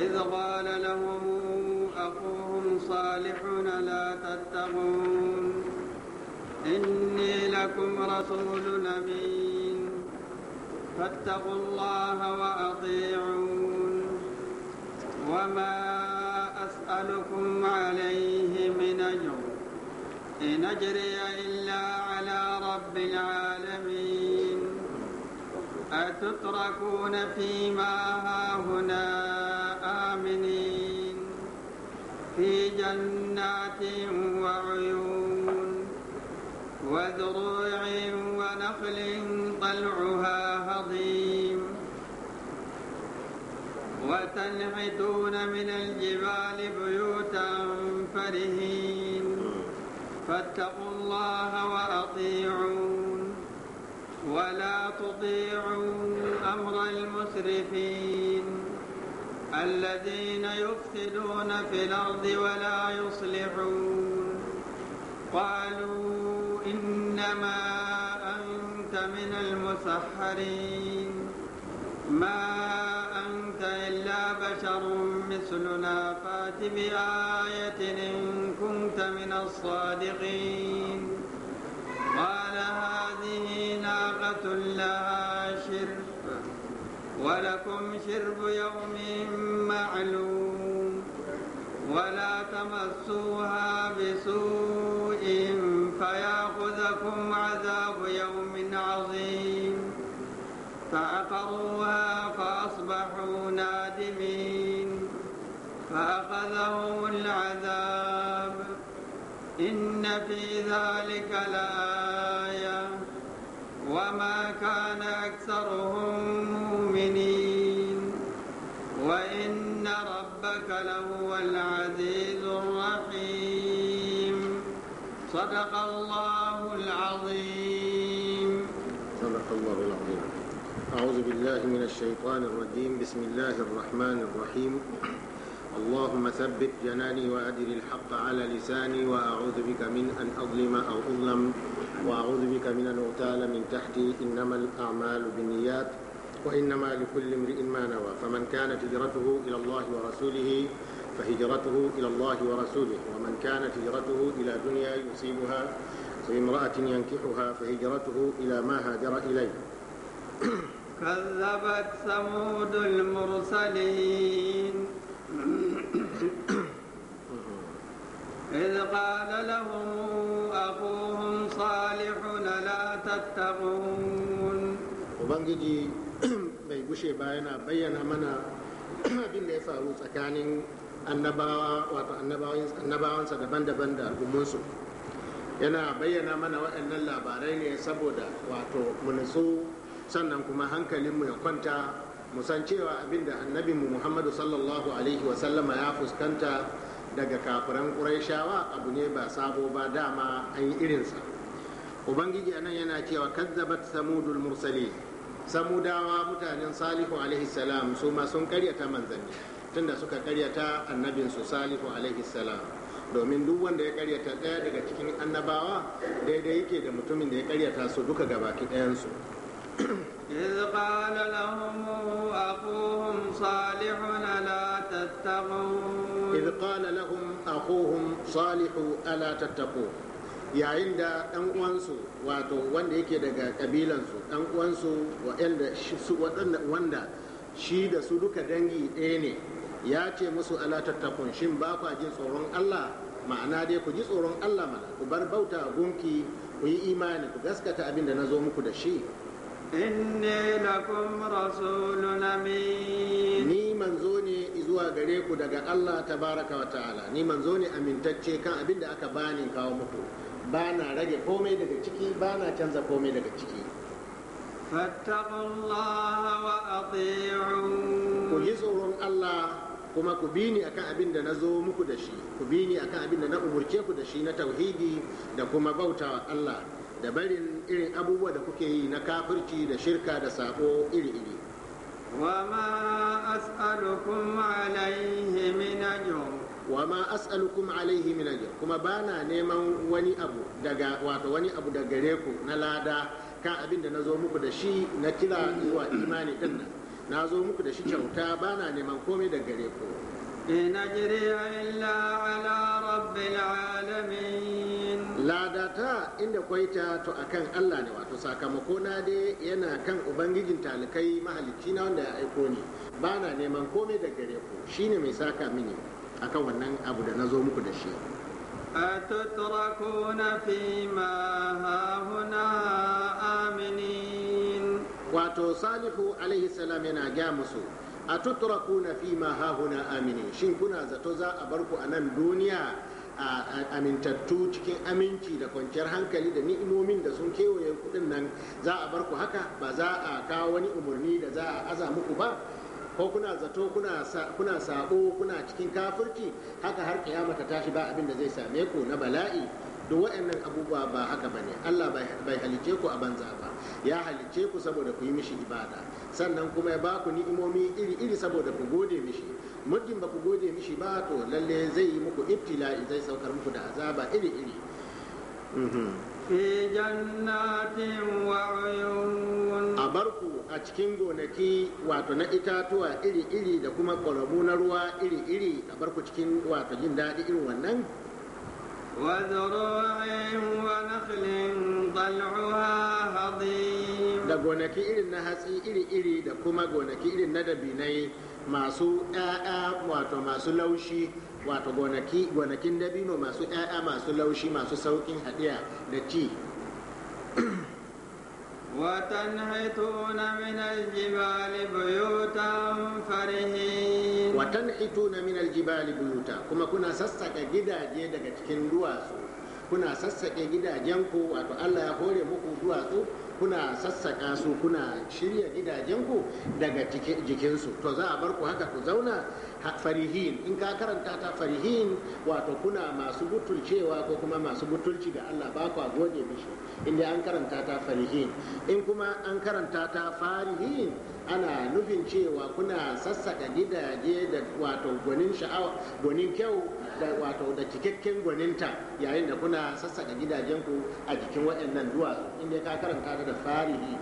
إذ قال لهم أخوهم صالح لا تتقون إني لكم رسول أمين فاتقوا الله وأطيعون وما أسألكم عليه من أجر إن أجري إلا على رب العالمين أتتركون فيما هاهنا في جنات وعيون وزروع ونخل طلعها هضيم وتنحتون من الجبال بيوتا فرهين فاتقوا الله وأطيعون ولا تطيعوا أمر المسرفين الذين يفسدون في الأرض ولا يصلحون قالوا إنما أنت من المسحرين ما أنت إلا بشر مثلنا فات بآية إن كنت من الصادقين لكم شرب يوم معلوم ولا تمسوها بسوء فياخذكم عذاب يوم عظيم فعقروها فاصبحوا نادمين فاخذهم العذاب ان في ذلك لآية العزيز الرحيم صدق الله العظيم صدق الله العظيم أعوذ بالله من الشيطان الرجيم بسم الله الرحمن الرحيم اللهم ثبت جناني وأدر الحق على لساني وأعوذ بك من أن أظلم أو أظلم وأعوذ بك من أن أغتال من تحتي إنما الأعمال بالنيات وإنما لكل امرئ ما نوى فمن كانت هجرته إلى الله ورسوله فهجرته إلى الله ورسوله ومن كانت هجرته إلى دنيا يصيبها وامرأة ينكحها فهجرته إلى ما هاجر إليه كذبت ثمود المرسلين إذ قال لهم أخوهم صالح لا تتقون وبنجي بيقشي باينا بينا منا abin da أكان wato annabawansa daban-daban da al'ummunsu yana bayyana mana waɗannan labarai ne saboda wato mu sannan kuma hankalinmu ya kwanta mu san cewa abinda da annabinmu muhammadu sallallahu alaihi wasallama ya fuskanta daga kafiran ƙuraishawa abu ne ba sabo ba dama an yi irinsa ubangiji anan yana cewa kazzabat samudul mursali samudawa mutanen salihu alaihi salam su ma sun karyata manzanni tunda suka karyata su salihu alaihi salam domin duk wanda ya karyata ɗaya daga cikin annabawa daidai yake da mutumin da ya karyata su duka gabaki ɗayansu إذ قال لهم أخوهم صالح ألا تتقون إذ قال لهم أخوهم صالح ألا تتقون yayin da ɗan uwansu wato wanda yake daga ƙabilansu ɗan uwansu waɗanda shi da su duka dangi ɗaya ne ya ce musu ala tattakun shin ba kwa jin tsoron Allah ma'ana dai ku ji tsoron Allah mana ku bar bauta gunki ku yi imani ku gaskata abin da na zo muku da shi inni lakum rasulun amin ni manzo ne zuwa gare ku daga Allah tabaraka wa ta'ala ni manzo ne amintacce kan abin da aka bani kawo muku ba na rage komai daga ciki ba na canza komai daga ciki fattaqu Allah wa ati'un ku ji tsoron Allah kuma ku bi ni akan abin da na zo muku da shi ku bi ni akan abin da na umurce ku da shi na tauhidi da kuma bautawa Allah da barin irin abubuwa da kuke yi na kafirci da shirka da sako iri-iri Wa ma وما min ajr kuma أجر وما أسألكم عليه من أجر كما بانا نيمان وني أبو دغا واتو وني أبو دغريكو نلادا كان muku da shi na kila zuwa imani dinnan na zo muku da shi kyauta ba na neman komai da gare ku in ajriya illa ala rabbil alamin ladata inda kwaita to akan Allah ne wato sakamako na dai yana kan ubangijin talikai mahalicci na wanda ya aiko ni ba na neman komai da gare ku shine mai saka mini akan wannan abu da na zo muku da shi أتتركون فيما هاهنا آمنين wato salihu alaihi salam yana gya musu a na fi ma hahuna amini shin kuna zato za a barku a nan duniya a amintattu cikin aminci da kwanciyar hankali da ni'imomin da sun kewaye kudin nan za a barku haka ba za a kawo wani umarni da za a aza muku ba ko kuna zato kuna sabo kuna cikin kafirci haka har kiyama mata tashi ba abin da zai same ku na bala'i duk waɗannan abubuwa ba haka ne? Allah bai halice ku a banza ba ya halicce ku saboda ku yi mishi ibada sannan kuma ya ba ku ni'imomi iri iri saboda ku gode mishi muddin ba ku gode mishi ba to lalle zai yi muku ibtila'i zai saukar muku da azaba iri iri mhm. fi jannatin wa a barku a cikin gonaki wato na itatuwa iri iri da kuma kwalamu na ruwa iri iri a barku cikin wato jin daɗi irin wannan da gonaki irin na hatsi iri-iri da kuma gonaki irin na dabinai masu ƴaƴa wato masu laushi wato gonaki gonakin dabino masu ƴaƴa masu laushi masu sauƙin haɗiya da ci وتنحتون من الجبال ta farihin watanhituna min aljibali buyuta kuma kuna sassaka gidaje daga cikin duwatsu kuna sassake gidajenku wato Allah ya hore muku duwatsu kuna sassaka su kuna shirya gidajenku daga jikinsu to za a bar ku haka ku zauna farihin in ka karanta ta farihin wato kuna masu butulcewa ko kuma masu butulci ga Allah ba ku gode mishi inda an karanta ta farihin in kuma an karanta ta farihin ana nufin cewa kuna sassaka gidaje da wato gwanin sha'awa gwanin kyau da wato da cikakken gwaninta yayin da kuna sassaka gidajenku a jikin waɗannan duwatsu inda ka karanta ta farihi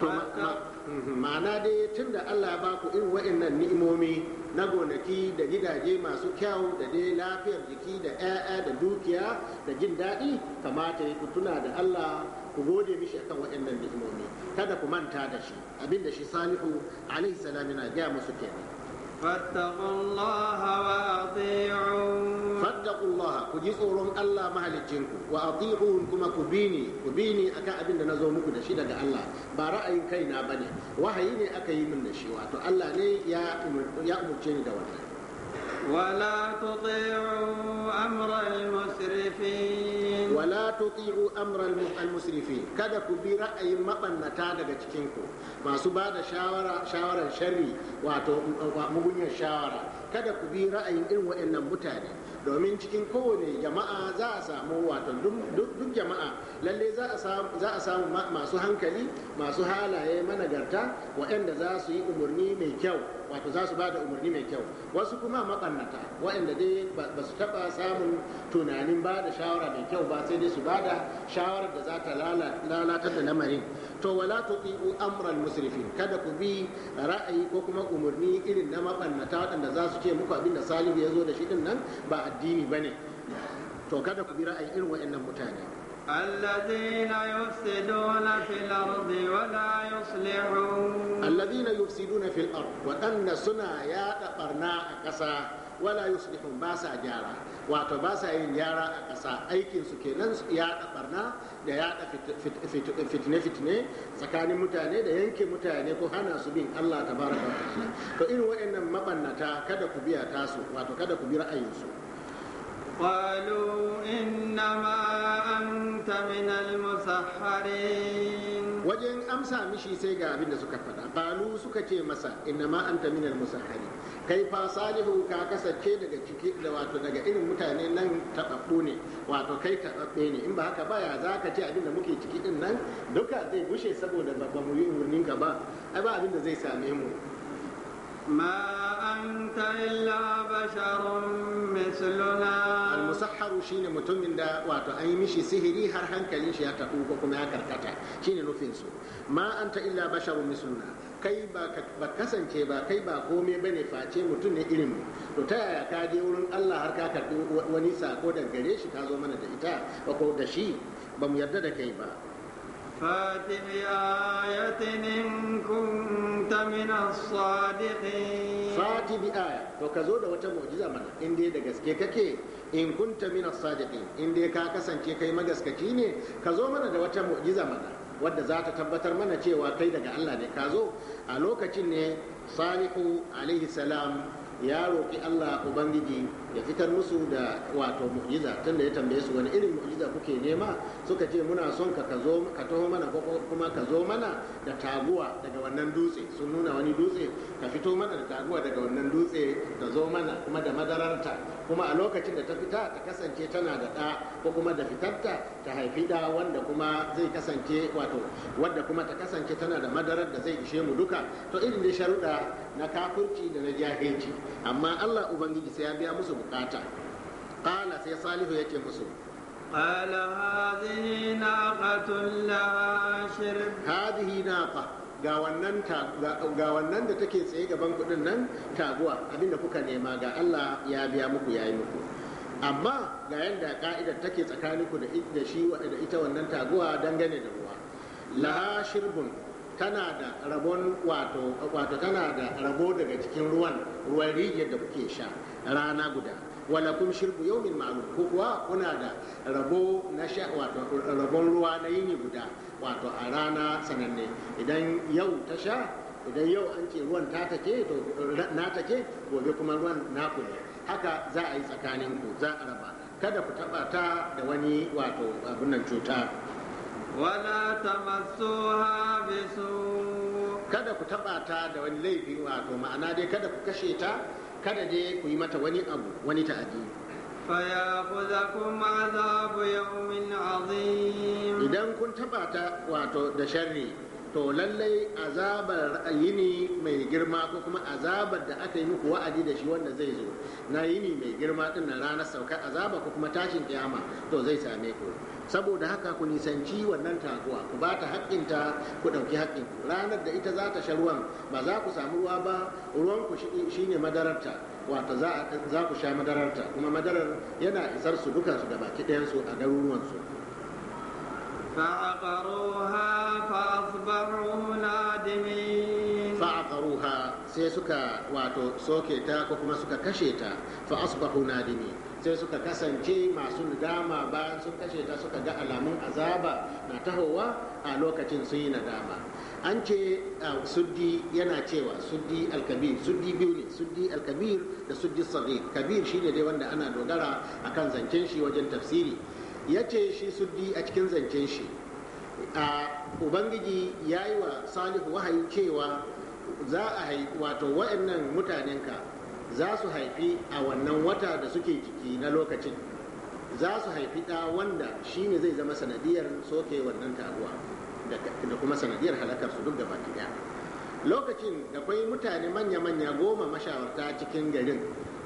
to mm-hmm. ma'ana dai tun da Allah ya baku irin wa'annan ni'imomi na gonaki da gidaje masu kyau da dai lafiyar jiki da 'ya'ya da dukiya da jin daɗi kamata ya ku tuna da Allah ku gode mishi akan wa'annan ni'imomi kada ku manta da shi abinda shi salihu alaihi salam yana gaya musu kenan فاتقوا الله وأطيعون فاتقوا الله كجيسورهم الله مهلكينكم وأطيعون كما كبيني كبيني أكا أبين نزو مكو دشي دقا الله برأي كينا بني وهيني أكا يمن نشي واتو الله ني يا أمر يا أمر جيني دوانا ولا تطيعوا أمر المسرفين ولا تطيعوا أمر المسرفين kada ku bi ra'ayin mabannata daga cikinku masu ba da shawara shawaran sharri wato mugunyar shawara kada ku bi ra'ayin irin waɗannan mutane domin cikin kowane jama'a za a samu wato duk jama'a lalle za a samu masu hankali masu halaye managarta waɗanda za su yi umarni mai kyau wato za su ba da umarni mai kyau wasu kuma makannata waɗanda dai ba su taɓa samun tunanin ba da shawara mai kyau ba sai dai su ba da shawarar da za ta lalatar da lamarin to wala tuti'u amran musrifin kada ku bi ra'ayi ko kuma umarni irin na makannata waɗanda za su ce muku abin da salihu ya zo da shi din nan ba addini ba ne to kada ku bi ra'ayi irin waɗannan mutane الذين يفسدون في الأرض ولا يصلحون الذين يفسدون في الأرض وأن سنا يا تقرنا أكسا ولا يصلحون باسا جارا wato ba sa yin gyara a ƙasa aikinsu kenan yaɗa barna da yaɗa fitne-fitne tsakanin mutane da yanke mutane ko hana su bin Allah ta baraka to irin waɗannan mabannata kada ku biya tasu wato kada ku bi ra'ayinsu قالوا إنما أنت من المسحرين wajen amsa mishi sai ga abin da suka faɗa balu suka ce masa inna ma anta minal musahhari kai fa salihu ka kasance daga ciki da wato daga irin mutane nan tababbu wato kai tababbe ne in ba haka ba ya za ce abin da muke ciki din nan duka zai bushe saboda ba mu yi umarnin ka ba ai ba abin da zai same mu ما أنت إلا بشر مثلنا المسحر شين متمن دا واتو أي مشي سهري هر هنكلين شي أتقوك كما كركتا شين نفنسو ما أنت إلا بشر مثلنا kai ba kasance ba kai ba komai ba ne face mutum ne irin mu to ta yaya ka je wurin Allah har ka karɓi wani sako daga gare shi ka zo mana da ita ko da shi ba mu yarda da kai ba فات بآية إن كنت من الصادقين فات بآية وكزود وتمعجزة من إن دي دقسكي ككي in kunta mina sadiqin in dai ka kasance kai magaskaci ne ka zo mana da wata mu'jiza mana wadda za ta tabbatar mana cewa kai daga Allah ne ka zo a lokacin ne salihu alaihi salam ya roƙi Allah ubangiji ya fitar musu da wato mu'jiza tunda ya tambaye su wani irin mu'jiza kuke nema suka ce muna son ka ka zo ka taho mana ko kuma ka zo mana da taguwa daga wannan dutse sun nuna wani dutse ka fito mana da taguwa daga wannan dutse ka zo mana kuma da madararta kuma a lokacin da ta fita ta kasance tana da ɗa ko kuma da fitarta ta haifi ɗa wanda kuma zai kasance wato wanda kuma ta kasance tana da madarar da zai ishe mu duka to irin da sharuɗa na kafirci da na jahilci amma Allah ubangiji sai ya biya musu bukata kala sai salihu yake musu kala هذه ناقة لها عشر هذه ga wannan ga wannan da take tsaye gaban kudin nan taguwa abinda kuka nema ga Allah ya biya muku yayi muku amma ga yanda ka'idar take tsakaninku da da shi da ita wannan taguwa dangane da ruwa la shirbun tana da rabon wato tana da rabo daga cikin ruwan ruwan rijiyar da kuke sha rana guda walakum shirbu min ma'lum ko kuwa kuna da rabo na sha wato rabon ruwa na yini guda wato a rana sananne idan yau ta sha idan yau an ce ruwan ta take to na take gobe kuma ruwan na ne haka za a yi tsakanin ku za a raba kada ku taba ta da wani wato abin nan cuta wala tamassuha bisu kada ku taba ta da wani laifi wato ma'ana dai kada ku kashe ta kada dai ku yi mata wani abu wani ta'adi fayakhudhakum idan kun taba ta wato da sharri to lallai azabar yini mai girma ko kuma azabar da aka yi muku wa'adi da shi wanda zai zo na yini mai girma din ranar saukar azaba ko kuma tashin kiyama to zai same ku saboda haka ku nisanci wannan taguwa ku ba ta haƙƙinta ku ɗauki haƙƙin ranar da ita za ta sha ruwan ba za ku samu ruwa ba ruwan ku shi ne madararta wata za ku sha madararta kuma madarar yana isar su dukansu da baki ɗayansu a garuruwansu sai suka wato soke ta, ko kuma suka kashe ta fa'asbahu nadimi sai suka kasance masu nadama bayan sun kashe ta suka ga alamun azaba na tahowa a lokacin sun yi nadama an ce suddi yana cewa suddi alkabir suddi biyu ne suddi alkabir da suddi sagir kabir shi ne dai wanda ana dogara a kan zancen shi wajen tafsiri ya ce shi suddi a cikin zancen shi a ubangiji ya yi wa salihu wahayi cewa za a wato wa'annan mutanenka za su haifi a wannan wata da suke ciki na lokacin za su haifi ɗa wanda shi ne zai zama sanadiyar soke wannan taruwa da kuma sanadiyar halakar su duk gaba ɗaya lokacin da kwai mutane manya-manya goma mashawarta cikin garin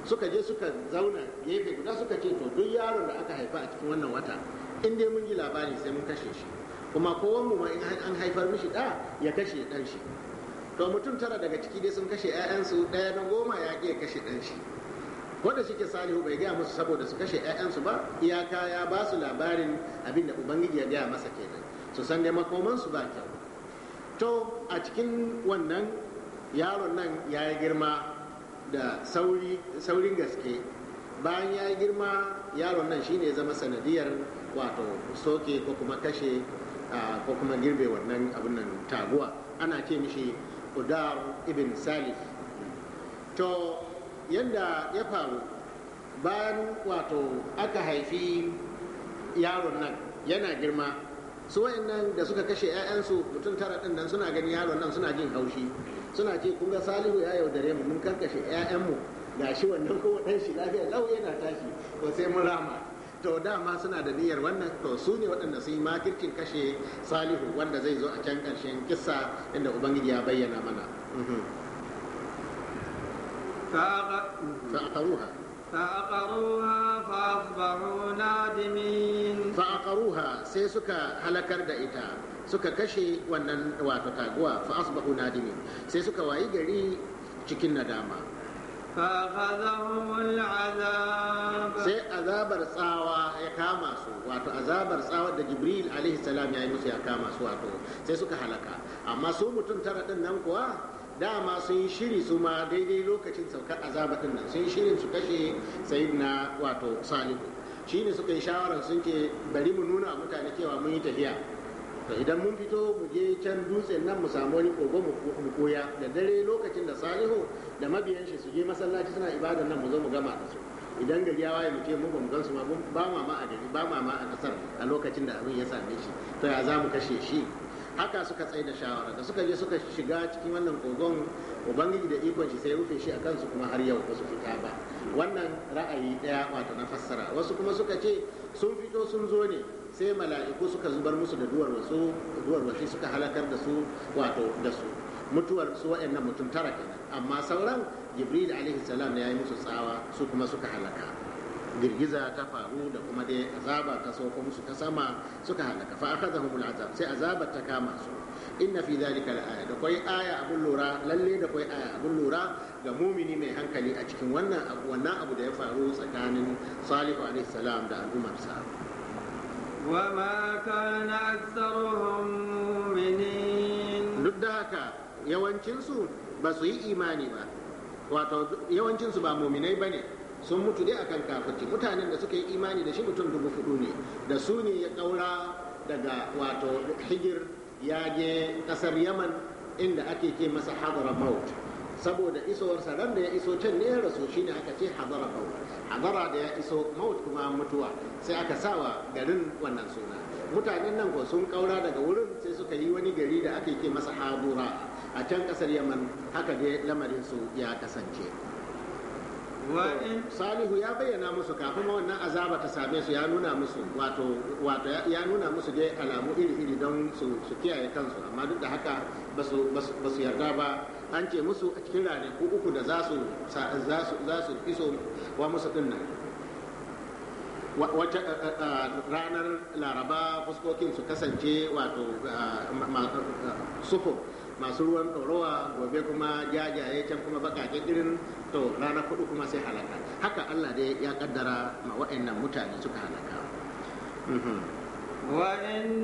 suka je suka zauna gefe guda suka ce to duk yaron da aka haifa a cikin wannan wata in dai mun ji labari sai mun kashe shi kuma kowanne ma in an haifar mishi ɗa ya kashe ɗan shi to mutum tara daga ciki dai sun kashe 'ya'yansu ɗaya na goma ya ƙi kashe ɗan shi wanda shi ke salihu bai gaya musu saboda su kashe 'ya'yansu ba iyaka ya ba su labarin abin da ubangiji ya gaya masa kenan su san dai makomansu ba kyau to a cikin wannan yaron nan ya yi girma da saurin gaske bayan ya yi girma yaron nan shine ya zama sanadiyar wato soke ko kuma kashe ko kuma girbe wannan abin nan taguwa ana ce mishi udar ibn salih to yadda ya faru bayan wato aka haifi yaron nan yana girma su nan da suka kashe 'ya'yansu mutum tara ɗin nan suna gani yaron nan suna jin haushi suna ce kun salihu ya yaudare mu mun karkashe 'ya'yanmu ga shi wannan kuma ɗan shi lafiya lau yana tashi ko sai mun rama to dama suna da niyyar wannan to su ne waɗanda sun yi makircin kashe salihu wanda zai zo a can ƙarshen kisa inda ubangiji ya bayyana mana فعقروها mhm. sai suka halakar da ita هلكر suka kashe wannan wato taguwa fa asbahu nadimin sai suka wayi gari cikin nadama sai azabar tsawa ya kama su wato azabar tsawar da jibril alaihi salam ya yi musu ya kama su wato sai suka halaka amma su mutum tara din nan kuwa dama sun yi shiri su ma daidai lokacin saukar azabar din nan sun yi shirin su kashe sayyidina wato salihu ne suka yi shawarar sun ke bari mu nuna mutane cewa mun yi tafiya to idan mun fito mu je can dutsen nan mu samu wani kogo mu koya da dare lokacin da salihu da mabiyan shi su je masallaci suna ibadar nan mu zo mu gama da su idan gari ya waye mu ce mun ba mu gan su ma ba ma ma a gari ba ma ma a kasar a lokacin da abin ya same shi to ya za mu kashe shi haka suka tsaye da shawara da suka je suka shiga cikin wannan kogon ubangiji da ikon shi sai rufe shi a kansu kuma har yau ba su fita ba wannan ra'ayi daya wato na fassara wasu kuma suka ce sun fito sun zo ne sai mala'iku suka zubar musu da duwar wasu duwar wasu suka halakar da su wato da su mutuwar su waɗannan mutum tara kenan amma sauran jibril alaihi salam ya yi musu tsawa su kuma suka halaka girgiza ta faru da kuma dai azaba ta sauko musu ta sama suka halaka fa akhadhahumul azab sai azaba ta kama su inna fi dhalika la'aya da kai aya abun lura lalle da kai aya abun lura ga mumini mai hankali a cikin wannan abu wannan abu da ya faru tsakanin salihu alaihi salam da al'ummarsa وما كان أكثرهم مؤمنين duk da haka yawancinsu ba su yi imani ba wato yawancinsu ba muminai ba ne sun mutu dai akan kafirci mutanen da suka yi imani da shi mutum dubu hudu ne da su ne ya ƙaura daga wato hijir ya je ƙasar yaman inda ake ke masa hadara maut saboda isowar ran da ya iso can ne ya rasu ne aka ce hadara maut hadara da ya iso maut kuma mutuwa sai aka sawa garin wannan suna mutanen nan ko sun ƙaura daga wurin sai suka yi wani gari da ake ke masa hadura a can kasar yaman haka dai lamarin su ya kasance salihu ya bayyana musu kafin wannan azaba ta same su ya nuna musu wato ya nuna musu dai alamu iri-iri don su kiyaye kansu amma duk da haka ba su yarda ba an ce musu a cikin ranaku uku da za su iso wa musu dinnan wata ranar laraba fuskokin su kasance wato sufo masu ruwan ɗorowa gobe kuma jajaye can kuma baƙaƙe irin to ranar kuɗu kuma sai halaka haka Allah dai ya ƙaddara ma waɗannan mutane suka halaka mhm. wa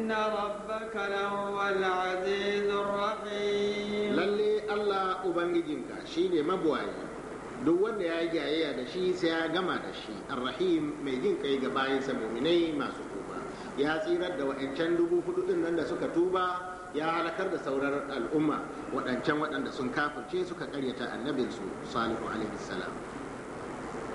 rabbaka azizur rahim lalle Allah ubangijinka shine mabuwaye duk wanda ya yi jayayya da shi sai ya gama da shi arrahim mai jin kai ga bayansa muminai masu tuba ya tsirar da wa'ancan dubu hudu ɗin nan da suka tuba ya halakar da sauran al'umma waɗancan waɗanda sun kafirce suka karyata annabinsu salihu alaihi salam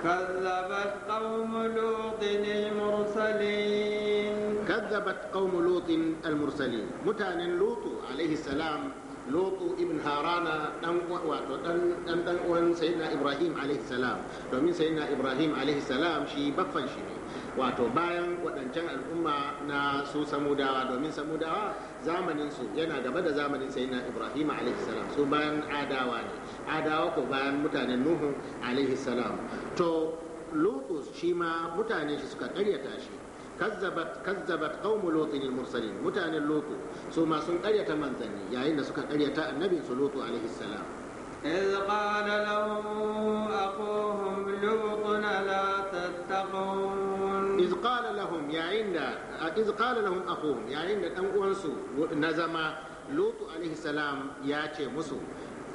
كذبت قوم لوط المرسلين كذبت قوم لوط المرسلين متان لوط عليه السلام لوط ابن هاران دان واتو دان دان دان سيدنا ابراهيم عليه السلام ومن سيدنا ابراهيم عليه السلام شي بفن شي wato bayan waɗancan al'umma na su samudawa domin samudawa zamaninsu yana gaba da zamanin sai na ibrahim salam su bayan adawa ne adawa ko bayan mutanen nuhu salam to lutus shi ma mutane shi suka karyata shi kazzabat kazzabat qaumu lutin mursalin mutanen lutu su ma sun karyata manzanni yayin da suka karyata annabin su lutu salam إذ قال لهم أخوهم iz qala lahum yayin yayin da dan uwansu na zama lutu alaihi ya ce musu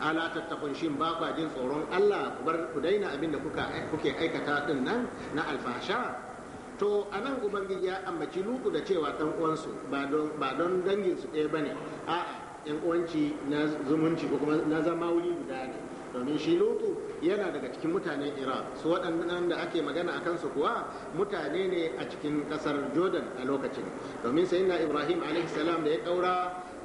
ala tattakun shin ba kwa jin tsoron Allah ku bar ku daina abin da kuke aikata din nan na alfasha to a nan ubangiji ya ambaci lutu da cewa dan uwansu ba don danginsu dangin su ɗaya bane a'a yan uwanci na zumunci ko kuma na zama wuri guda ne domin shi lutu yana daga cikin mutanen Iran su waɗannan da ake magana a kansu kuwa mutane ne a cikin ƙasar jordan a lokacin domin sayyidina ibrahim salam da ya ɗaura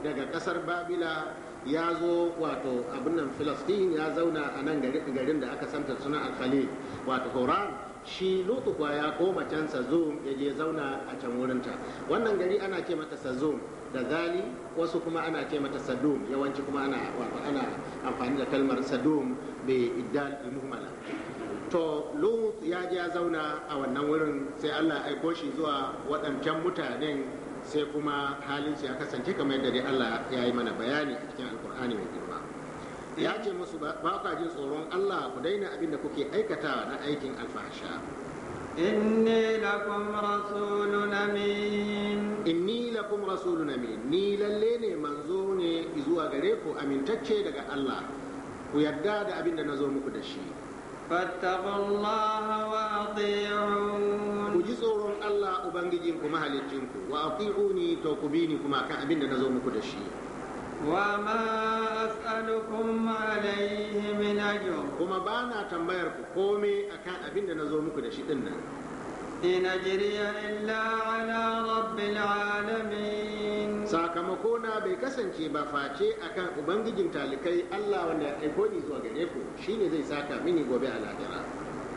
daga ƙasar babila ya zo wato abin nan filastin ya zauna a nan garin da aka santa suna alkhalil wato horan shi lutu kuwa ya koma can sazum ya je zauna a can wurinta wannan gari ana ce mata sazum da zali wasu kuma ana ce mata sadum yawanci kuma ana amfani da kalmar sadum mai iddal to lut ya je ya zauna a wannan wurin sai allah ya aiko shi zuwa waɗancan mutanen sai kuma halin su ya kasance kamar yadda dai allah ya yi mana bayani a cikin alkur'ani mai girma ya ce musu ba jin tsoron allah ku daina abin da kuke aikatawa na aikin alfahasha inni lakum rasulun amin inni lakum rasulun amin ni lalle ne manzo ne zuwa gare ku amintacce daga allah ku yarda da abin da na zo muku da shi ku ji tsoron Allah Ubangijin ku mahalicinku wa ati'uni to ku bi ni kuma kan abin da na zo muku da shi wa ma as'alukum kuma bana tambayar ku komai akan abin da na zo muku da shi din nan إن أجري إلا bai kasance ba face akan ubangijin talikai Allah wanda ya aiko ni zuwa gare ku shine zai saka mini gobe a lahira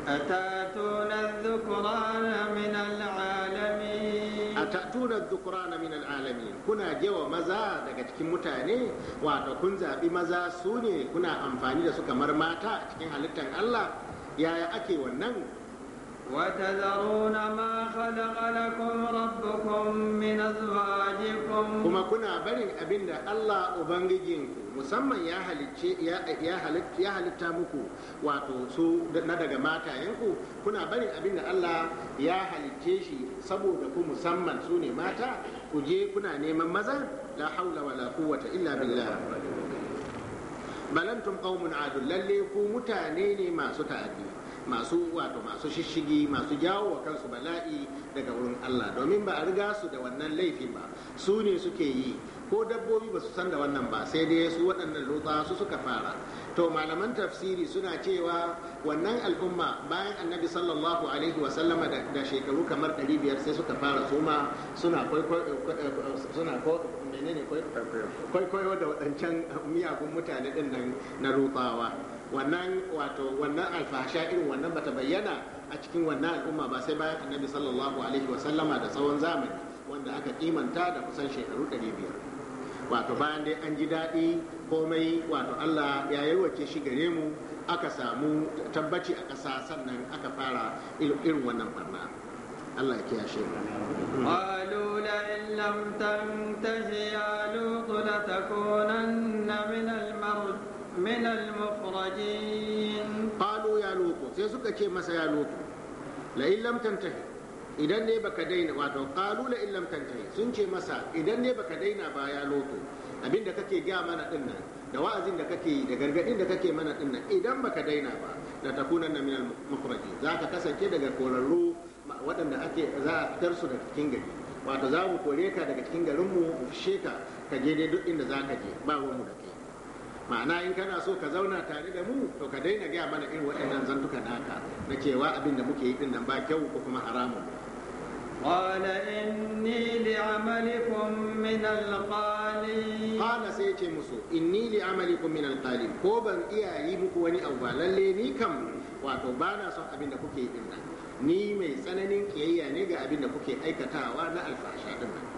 أتأتون الذكران من العالمين أتأتون الذكران من al'alami, kuna جوا maza daga cikin mutane wato kun zaɓi maza su ne kuna amfani da su kamar mata cikin halittar Allah yaya ake wannan وتذرون ما خلق لكم ربكم من أزواجكم كما كنا برين أبين الله أبنجينكم musamman ya halicce ya halitta muku wato su na daga matayenku kuna barin abin da Allah ya halicce shi saboda ku musamman su ne mata ku je kuna neman maza la haula wala quwwata illa billah balantum qaumun adul lalle ku mutane ne masu ta'addi masu wato masu shishigi masu jawo wa kansu bala'i daga wurin Allah domin ba a riga su da wannan laifin ba su ne suke yi ko dabbobi ba su san da wannan ba sai dai su waɗannan lutsa su suka fara to malaman tafsiri suna cewa wannan al'umma bayan annabi sallallahu alaihi wa sallama da shekaru kamar 500 sai suka fara suma suna suna kwaikwayo da waɗancan miyagun mutane ɗin na rutsawa wannan wato wannan alfahasha irin wannan bata bayyana a cikin wannan al'umma ba sai bayan annabi sallallahu alaihi wa sallama da tsawon zamani wanda aka kimanta da kusan shekaru 500 wato bayan dai an ji daɗi komai wato Allah ya yalwace shi gare mu aka samu tabbaci a ƙasa sannan aka fara irin wannan barna Allah ya kiyashe mu in lam tantahi ya يا لوط min al المرد من المخرجين قالوا يا لوط sai suka ce masa ya lutu la illam tantahi idan ne baka daina wato qalu la illam tantahi sun ce masa idan ne baka daina ba ya lutu abinda kake ga mana din nan da wa'azin da kake da gargadin da kake mana din nan idan baka daina ba la takunanna min al za ka kasance daga korarru waɗanda ake za a fitar su daga cikin gari wato za mu kore ka daga cikin garin mu mu fishe ka ka je dai duk inda za ka je ba wani da ma'ana in kana so ka zauna tare da mu to ka daina gaya mana irin waɗannan zantuka naka na cewa abin da muke yi din nan ba kyau ko kuma haramun قال إني لعملكم sai ce musu, in nili إني لعملكم من القالين ko ban iya yi muku wani abu ba lalle ni kam wato bana son abin da kuke yi din nan ni mai tsananin kiyayya ne ga abin da kuke aikatawa na alfasha din nan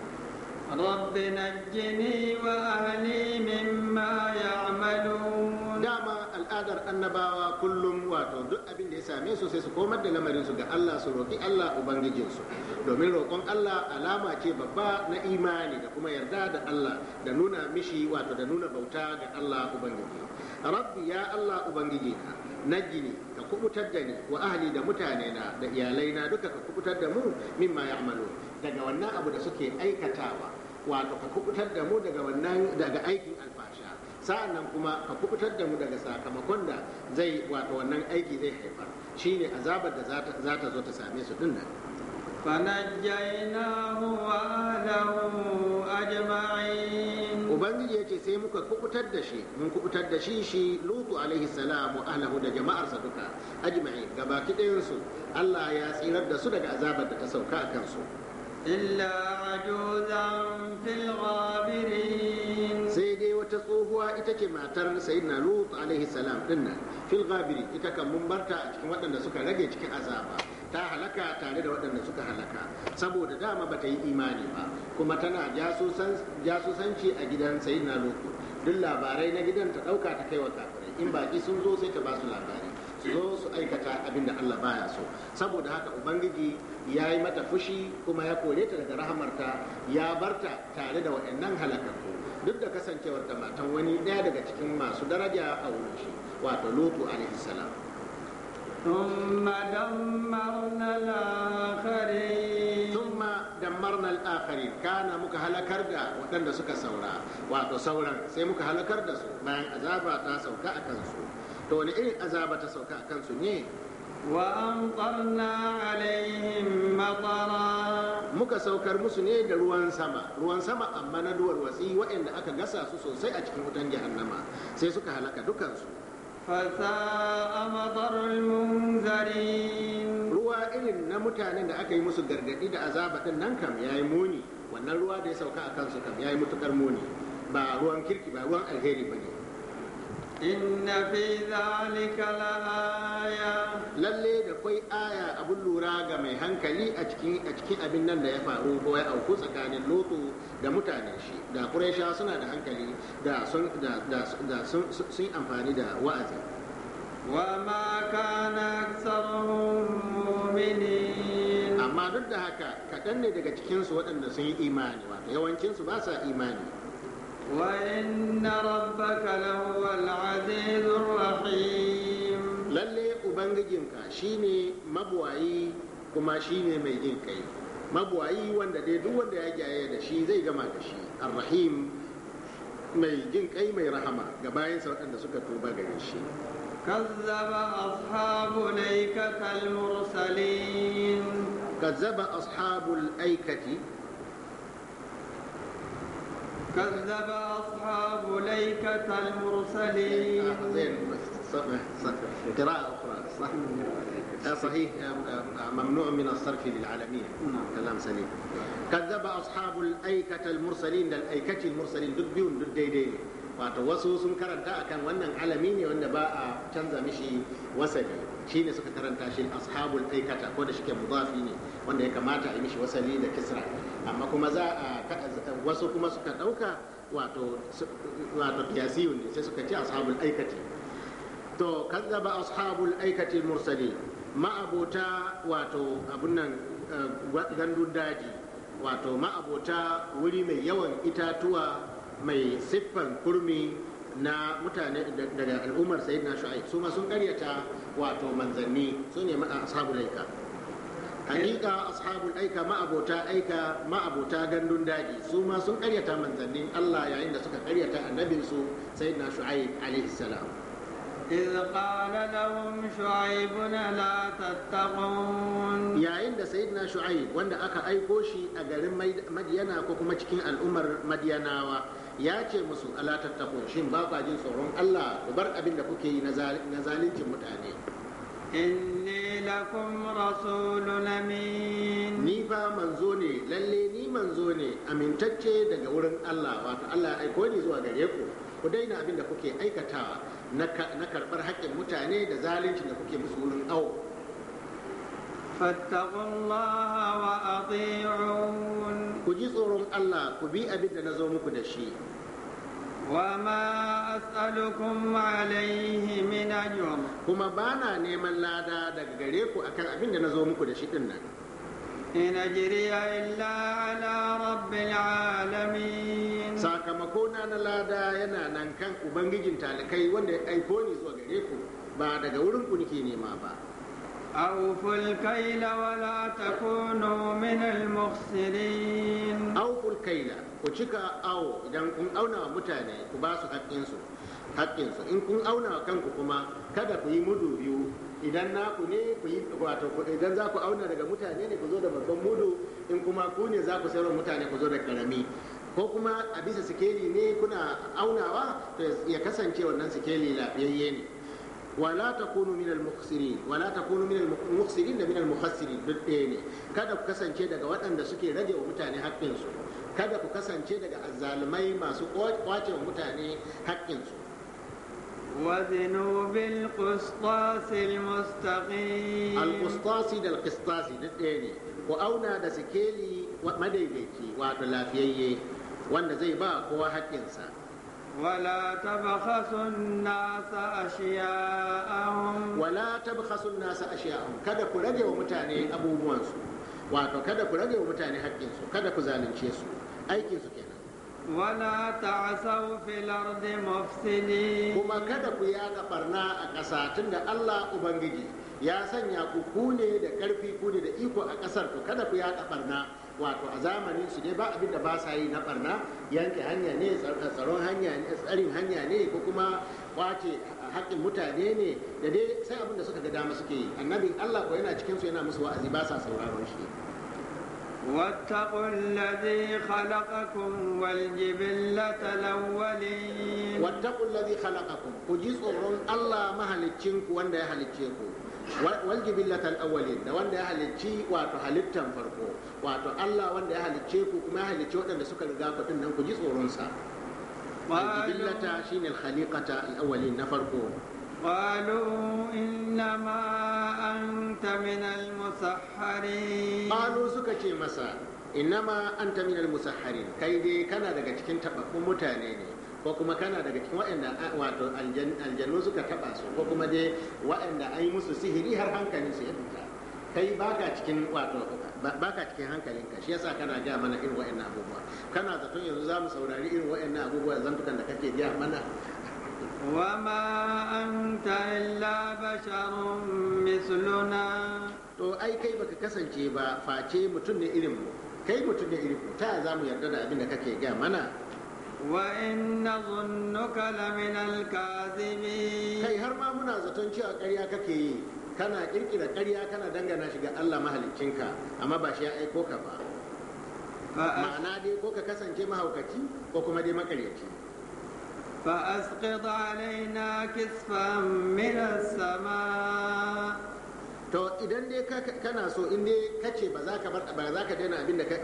رب نجني وأهلي مما يعملون دعما al'adar annabawa kullum wato duk abinda ya same su su komar da lamarin su ga Allah su roƙi Allah ubangijin su domin rokon Allah alama ce babba na imani da kuma yarda da Allah da nuna mishi wato da nuna bauta ga Allah ubangiji rabbi ya Allah ubangiji na najini ka kubutar da ni wa ahli da mutane na da iyalai na duka ka kubutar da mu mimma ya'malu daga wannan abu da suke aikatawa wato ka kubutar da mu daga wannan daga aikin alfasha sa'an nan kuma ka kubutar da mu daga sakamakon da zai wato wannan aiki zai haifar shine azabar da za ta zo ta same su din nan ubangiji ya ce sai muka kubutar da shi mun kubutar da shi shi lutu alaihi salam wa ahlahu da jama'arsa duka ajma'i ga baki ɗayansu allah ya tsirar da su daga azabar da ta sauka a kansu illa sai dai wata tsohuwa ita ce matar sayyidina lut alaihi salam din fil ita kan mun barta a cikin waɗanda suka rage cikin azaba ta halaka tare da waɗanda suka halaka saboda dama bata yi imani ba kuma tana jasusanci a gidan sayyidina lut duk labarai na gidan ta ɗauka ta kai wa kafirai in baki sun zo sai ta ba su labari su zo su aikata abin da Allah baya so saboda haka ubangiji ya yi mata fushi kuma ya kore ta daga rahamarta ya barta tare da waɗannan halakatu duk da kasancewar ta matan wani ɗaya daga cikin masu daraja a wurin wato lutu alaihi salam ثم دمرنا الآخرين ثم dammarna al'akari kana muka halakar da waɗanda suka saura wato sauran sai muka halakar da su bayan azaba ta sauka a kansu to wani irin azaba ta sauka a kansu ne muka saukar musu ne da ruwan sama ruwan sama amma na duwar wasi waɗanda aka gasa su sosai a cikin wutan jahannama sai suka halaka dukansu a ruwa irin na mutanen da aka yi musu gargaɗi da azaba din nan kam ya yi muni wannan ruwa da ya sauka a kansu kam ya yi mutukar muni ba ruwan kirki ba ruwan alheri ba ne. inna fi zalika la'aya lalle da kwai aya abun lura ga mai hankali a cikin a cikin abin nan da ya faru ko ya auku tsakanin loto da mutane shi da quraisha suna da hankali da sun da da sun sun amfani da wa'azi wa ma kana aktsaruhum mu'minin amma duk da haka kaɗan ne daga cikinsu waɗanda sun yi imani wato yawancinsu ba sa imani وإن ربك لهو العزيز الرحيم للي أبنجينك شيني مبوعي كما شيني ميجينك مبوعي وان دي دو وان دي أجاية دشي زي جمع دشي الرحيم mai jin kai mai rahama ga bayan bayansa da suka tuba gare shi kazzaba ashabul aikatal mursalin kazzaba ashabul aikati كذب أصحاب ليكة المرسلين صفحة آه، قراءة أخرى صح؟ آه، صحيح آه، ممنوع من الصرف للعالمية نعم. كلام سليم كذب أصحاب الأيكة المرسلين الأيكة المرسلين دي دديدين وتوسو سنكرن دا كان وانا عالميني وانا باء تنزى مشي وسلي شيني سكترن تاشي أصحاب الأيكة كودش كمضافيني وانا يكماتا مشي وسلي لكسرة amma kuma za a wasu kuma suka ɗauka wato kiyasiyun ne sai suka ce ashabul aikati to kazzaba ashabul aikati mursali ma'abota wato abun eh, gandun daji wato ma'abota wuri mai yawan itatuwa mai siffan kurmi na mutane daga al'ummar sayyidina shu'aib su ma sun karyata wato manzanni su ne ma'a sabu laika hakika ashabul aika ma'abota aika ma'abota gandun daji su ma sun karyata manzannin Allah yayin da suka karyata annabinsu sayyidina shu'aib alaihi salam إذ قال لهم شعيب لا تتقون yayin da sayyidina shu'aib wanda aka aiko shi a garin madiyana ko kuma cikin al'ummar madiyanawa ya ce musu ala tattaqun shin ba jin tsoron Allah ku bar abin da kuke yi na zalincin mutane inni lakum rasulun amin ni fa manzo ne lalle ni manzo ne amintacce daga wurin Allah wato Allah ya aiko ni zuwa gare ku ku daina abin da kuke aikatawa na karɓar haƙƙin mutane da zalunci da kuke musu wurin awo ku ji tsoron Allah ku bi abin da na zo muku da shi وما أسألكم عليه من أجر كما بانا نيما akan abin da na zo muku da shi دا شيطان sakamakona na lada yana nan kan ubangijin talikai wanda ya aiko ni zuwa gare ku ba daga wurin ku nema ba أوفوا الكيل ولا تكونوا من المخسرين أوفوا الكيل وشكا أو إذا كن أونا متاني كباسو حقينسو haƙƙinsu in kun auna kanku kuma kada ku yi mudu biyu idan naku ne ku yi wato idan za ku auna daga mutane ne ku zo da babban mudu in kuma ku ne za ku sayarwa mutane ku zo da karami ko kuma a bisa sikeli ne kuna aunawa to ya kasance wannan sikeli lafiyayye ne wala takunu min al da min al-mukhasirin ne kada ku kasance daga waɗanda suke rage wa mutane haƙƙinsu kada ku kasance daga azzalumai masu kwace mutane haƙƙinsu وزنوا da المستقيم القسطاس ده القسطاس ده تاني وأونا ده سكيلي مديديكي وعطلافيي وأن زي با قوة حقنسا ولا تبخسوا الناس أشياءهم ولا تبخسوا الناس أشياءهم kada ku rage wa mutane abubuwansu wato kada ku rage wa mutane haƙƙinsu kada ku zalunce su aikinsu kenan wala ta'asaw fil ardi mufsidin kuma kada ku yaɗa barna a ƙasa da Allah ubangiji ya sanya ku ku ne da ƙarfi ku ne da iko a ƙasar ku kada ku ya barna wato a zamanin su ne ba abin da ba sa yi na barna yanke hanya ne tsaron hanya ne tsarin hanya ne ko kuma kwace haƙƙin mutane ne da dai sai abin da suka ga dama suke yi Annabi Allah ko yana cikin su yana musu wa'azi ba sa sauraron shi واتقوا الذي خلقكم والجبلة الأولين واتقوا الذي خلقكم كجيس أورون الله ما هلتشنكو وانده هلتشنكو wal jibillatal awwalin da wanda ya halicci wato halittan farko wato Allah wanda ya halicce ku kuma ya halicci waɗanda suka riga ku din nan ku ji tsoron sa jibillata shine al-khaliqata al-awwalin na farko قالوا إنما أنت من المسحرين قالوا سكتي مسا إنما أنت من المسحرين كيدي كان daga cikin tababbun mutane ne ko kuma kana daga cikin waɗanda wato aljanu suka taɓa su ko kuma dai waɗanda an yi musu sihiri har hankalin su ya duka kai baka cikin wato baka cikin ka shi yasa kana gaya mana irin waɗannan abubuwa kana zato yanzu za mu saurari irin waɗannan abubuwa zantukan da kake gaya mana وما أنت إلا بشر مثلنا to ai kai baka kasance ba face mutum ne irin mu kai mutum ne irin mu ta za mu yarda da abin da kake gaya mana وإن ظنك لمن الكاذبين kai har ma muna zaton cewa ƙarya kake yi kana kirkira ƙarya kana dangana shi ga Allah mahaliccinka amma ba shi ya aiko ka ba ma'ana dai ko ka kasance mahaukaci ko kuma dai makaryaci فأسقط علينا كسفا من السماء to idan dai kana so in dai kace ba za ka bar ba za ka daina abin da ka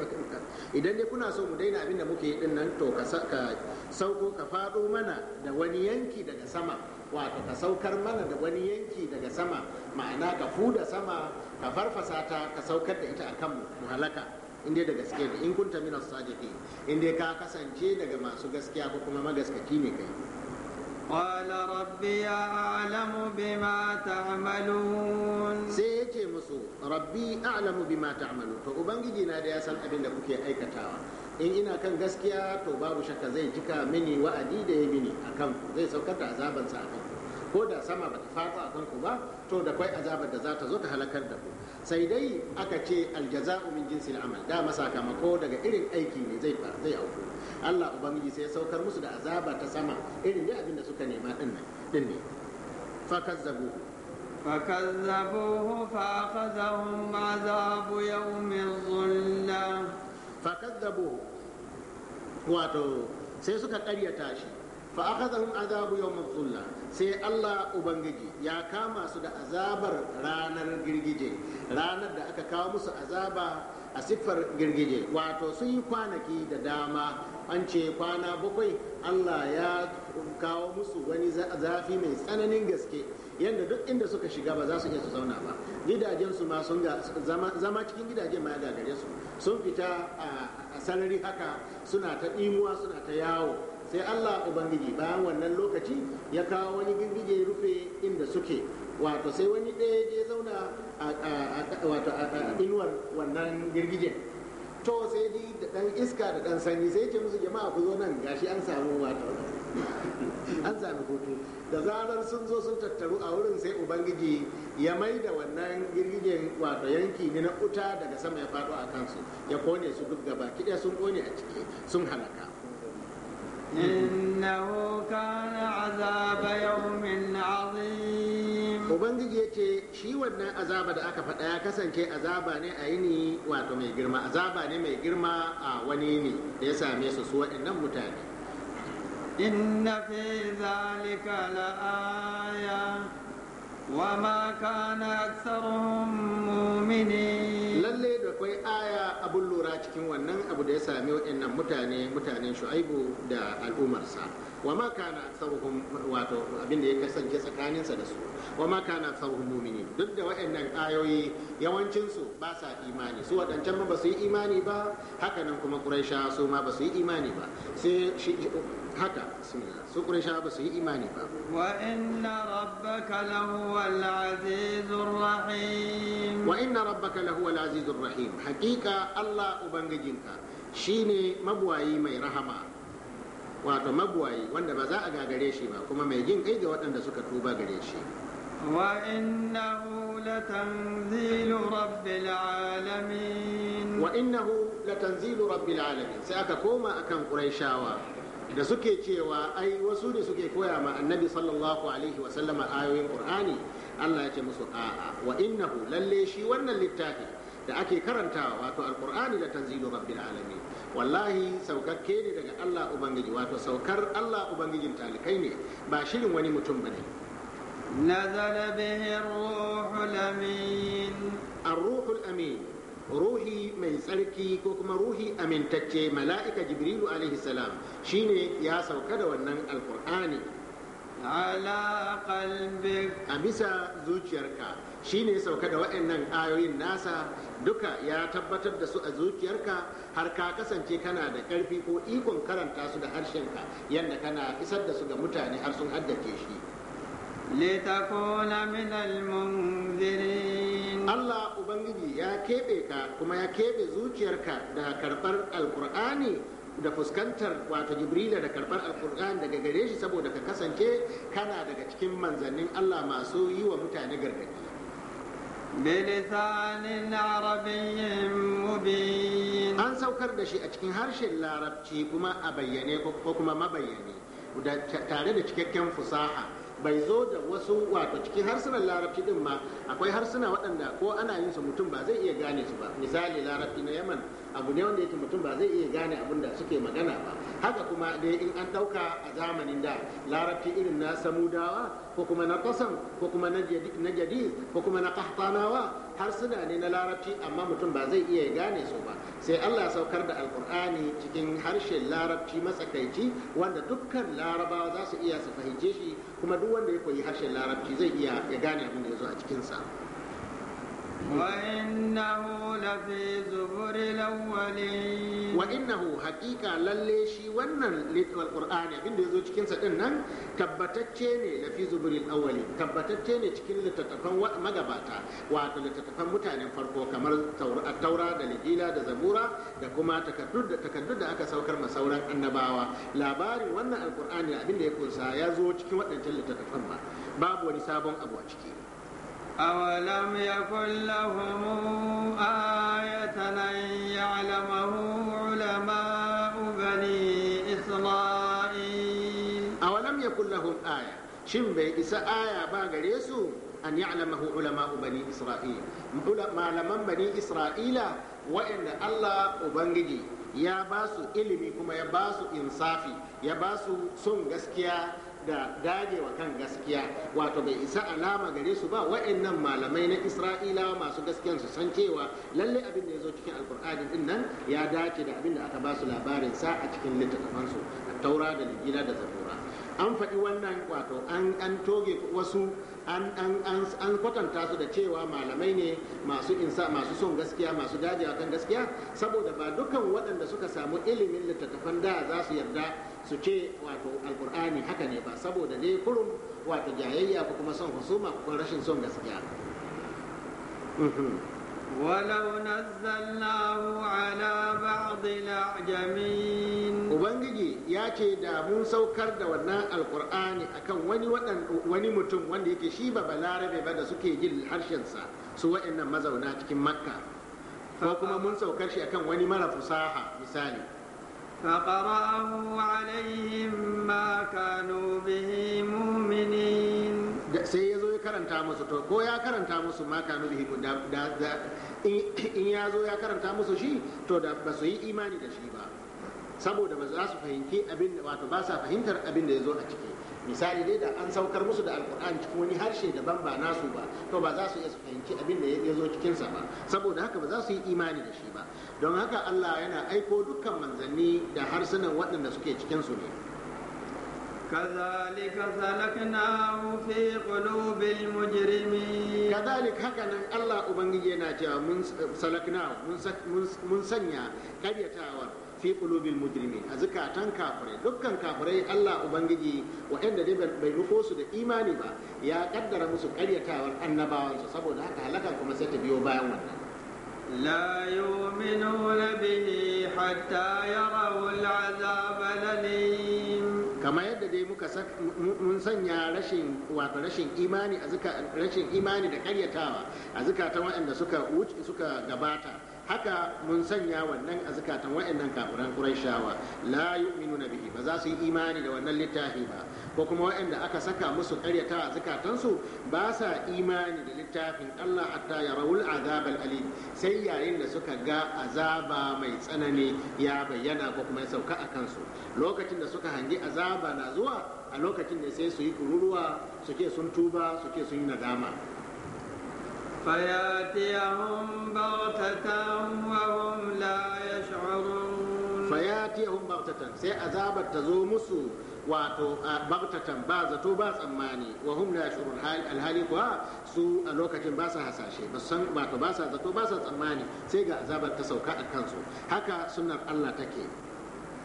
idan dai kuna so mu daina abin da muke yi din nan to ka sauko ka fado mana da wani yanki daga sama wato ka saukar mana da wani yanki daga sama ma'ana ka fuda sama ka farfasa ta ka saukar da ita akan mu halaka in dai da gaske in kunta minas sadiqi in dai ka kasance daga masu gaskiya ko kuma magaskaki ne kai قال ربي أعلم بما تعملون سيكي مسو ربي أعلم بما تعملون تو أبنجي da يا سن أبن لكوكي أي كتاوى in ina kan gaskiya to babu shaka zai cika mini wa'adi da ya mini a kanku zai saukar da azabansa a kanku ko da sama bata fata a kanku ba to da kwai azabar da za ta zo ta halakar da ku sai dai aka ce aljazaumin min jinsil amal da sakamako daga irin aiki ne zai zai auku Allah ubangiji sai saukar musu da azaba ta sama irin da abin da suka nema din nan din ne fakazzabu fakazzabuhu fa akhadhahum azabu yawmin dhulla fakazzabuhu wato sai suka karyata shi fa akhadhahum azabu yawmin dhulla sai Allah ubangiji ya kama su da azabar ranar girgije ranar da aka kawo musu azaba a siffar girgije wato sun yi kwanaki da dama an ce kwana bakwai allah ya kawo musu wani zafi mai tsananin gaske yadda duk inda suka shiga ba za su iya su zauna ba gidajen su ma sun ga zama cikin gidajen ma ya gagare su sun fita a sarari haka suna ta ɗimuwa suna ta yawo sai allah ubangiji bayan wannan lokaci ya kawo wani girgije rufe inda suke wato sai wani ɗaya ya zauna a inuwar wannan girgijen to sai dai da dan iska da dan sanyi sai ce musu jama'a ku zo nan gashi an samu mata an sami hoto da zarar sun zo sun tattaru a wurin sai ubangiji ya mai da wannan girgijen wato yanki ne na uta daga sama ya fado a kansu ya kone su duk gaba kiɗa sun kone a ciki sun halaka innahu kana azaba yawmin azim ubangiji yace shi wannan azaba da aka faɗa ya kasance azaba ne a yini wato mai girma azaba ne mai girma a wani ne da ya same su su waɗannan mutane inna fi zalika la'aya wa ma kana aktsaruhum mu'minin akwai aya abun lura cikin wannan abu da ya sami waɗannan mutane mutanen shu'aibu da al'umarsa wa ma kana aksaruhum wato abin da ya kasance tsakaninsa da su wa ma kana mu'minin duk da waɗannan ayoyi yawancinsu ba sa imani su waɗancan ma ba su yi imani ba hakanan kuma quraisha su ma ba su yi imani ba sai haka su ƙurisha ba su yi imani ba wa inna rabbaka lahuwal azizur rahim wa inna rabbaka lahuwal azizur rahim hakika Allah ubangijinka shine mabuwayi mai rahama wato mabuwayi wanda ba za a gagare shi ba kuma mai jin kai ga waɗanda suka tuba gare shi wa innahu latanzilu rabbil alamin wa innahu latanzilu rabbil alamin sai aka koma akan quraishawa da suke cewa ai wasu ne suke koya ma annabi sallallahu alaihi wa sallama ayoyin qur'ani Allah ya ce musu a'a wa innahu lalle shi wannan littafi da ake karantawa wato alqur'ani da tanzilu rabbil alamin wallahi saukakke ne daga Allah ubangiji wato saukar Allah ubangijin talikai ne ba shirin wani mutum bane nazala bihi ruhul amin ar-ruhul amin ruhi mai tsarki ko kuma ruhi amintacce mala'ika jibrilu alaihi salam shine ya sauka da wannan alkur'ani ala a bisa zuciyarka shine sauka da wa'annan ayoyin nasa duka ya tabbatar da su a zuciyarka har ka kasance kana da ƙarfi ko ikon karanta su da harshenka yadda kana isar da su ga mutane har sun haddace shi litakuna min almunzirin Allah ubangiji ya keɓe ka kuma ya keɓe zuciyarka da karɓar alkur'ani da fuskantar wato jibrila da karɓar alkur'ani daga gare shi saboda ka kasance kana daga cikin manzannin Allah masu yi wa mutane gargaɗi بلسان عربي مبين an saukar da shi a cikin harshen larabci kuma a bayyane ko kuma mabayyane tare da cikakken fusaha bai zo da wasu wato cikin harsunan larabci din ma akwai harsuna waɗanda ko ana yin su mutum ba zai iya gane su ba misali larabci na yaman abu ne wanda yake mutum ba zai iya gane abin da suke magana ba haka kuma dai in an ɗauka a zamanin da larabci irin na samudawa ko kuma na kasan ko kuma na jadi ko kuma na kahtanawa harsuna ne na larabci amma mutum ba zai iya gane su ba sai allah saukar da alkur'ani cikin harshen larabci matsakaici wanda dukkan larabawa za su iya su fahimce shi kuma duk wanda ya koyi harshen larabci zai iya ya gane abin da ya zo a cikinsa. وإنه لفي زبر الأولين وإنه حقيقة للي شي wannan alqur'ani abin da yazo cikin sa din nan tabbatacce ne lafi zuburil awwali cikin littattafan magabata wato littattafan mutanen farko kamar taura da ligila da zabura da kuma takaddu da aka saukar ma sauran annabawa labarin wannan alqur'ani abin da ya kunsa ya zo cikin waɗancan littattafan ba babu wani sabon abu a ciki أولم يكن لهم آية أن يعلمه علماء بني إسرائيل أولم يكن لهم آية shin bai isa aya ba gare su an ya'lamahu ulama'u bani isra'il malaman bani isra'ila waɗanda Allah ubangiji ya ba su ilimi kuma ya ba su insafi ya ba su son gaskiya da dagewa kan gaskiya wato bai isa alama gare su ba wa'annan malamai na isra'ila masu gaskiyan su san cewa lalle abin da ya zo cikin alkur'ani din nan ya dace da abin da aka ba su labarin sa a cikin littattafan su taura da ligila da zabura an faɗi wannan wato an an toge wasu an an an an kwatanta su da cewa malamai ne masu insa masu son gaskiya masu dajewa kan gaskiya saboda ba dukan waɗanda suka samu ilimin littattafan da za su yarda su ce wato alkur'ani haka ne ba saboda dai kurun wato jayayya ku kuma son husuma ko kuma rashin son gaskiya ولو نزلناه Ubangiji ya ce da mun saukar da wannan alkur'ani akan wani wani mutum wanda yake shi ba balarabe ba da suke jin harshensa su wa'annan mazauna cikin makka ko kuma mun saukar shi akan wani mara fusaha misali فقرأه عليهم ما كانوا به مؤمنين sai ya zo ya karanta musu to ko ya karanta musu ma kanu bihi da in ya zo ya karanta musu shi to da ba su yi imani da shi ba saboda ba za su fahimci abin da wato ba sa fahimtar abin da ya zo a ciki misali dai da an saukar musu da alkur'an cikin wani harshe daban ba nasu ba to ba za su iya su fahimci abin da ya zo cikinsa ba saboda haka ba za su yi imani da shi ba don haka Allah yana aiko dukkan manzanni da harsunan waɗanda suke cikinsu ne kazalika salaknahu kazalik haka nan Allah ubangiji yana cewa mun salakna, mun sanya karyatawa fi ƙulubin mujirimi, a zukatan kafirai dukkan kafirai Allah ubangiji waɗanda dai bai rufo su da imani ba ya ƙaddara musu karyatawar annabawansu saboda haka halaka kuma sai ta biyo bayan wannan لا hatta به حتى يروا العذاب الأليم كما yadda dai muka mun sanya rashin imani da karyatawa a zukatan waɗanda suka suka gabata haka mun sanya wannan a zukatan wa'annan kafiran quraishawa la na bihi ba za su yi imani da wannan littafi ba ko kuma wa'anda aka saka musu karyata a zukatansu ba sa imani da littafin Allah hatta rawul azab al Ali. sai yayin da suka ga azaba mai tsanani ya bayyana ko kuma ya sauka a kansu lokacin da suka hangi azaba na zuwa a lokacin da sai su yi kururuwa suke sun tuba suke sun yi nadama فياتيهم بغتة وهم لا يشعرون فياتيهم بغتة سيأذاب التزوم سوء واتو آه، بغتة بازة تو أماني وهم لا يشعرون الهالي قوا سوء الوكة باسا هساشي بس سن باسا تو أماني سيقى أذاب التسوكاء الكنسو هكا سنة الله تكي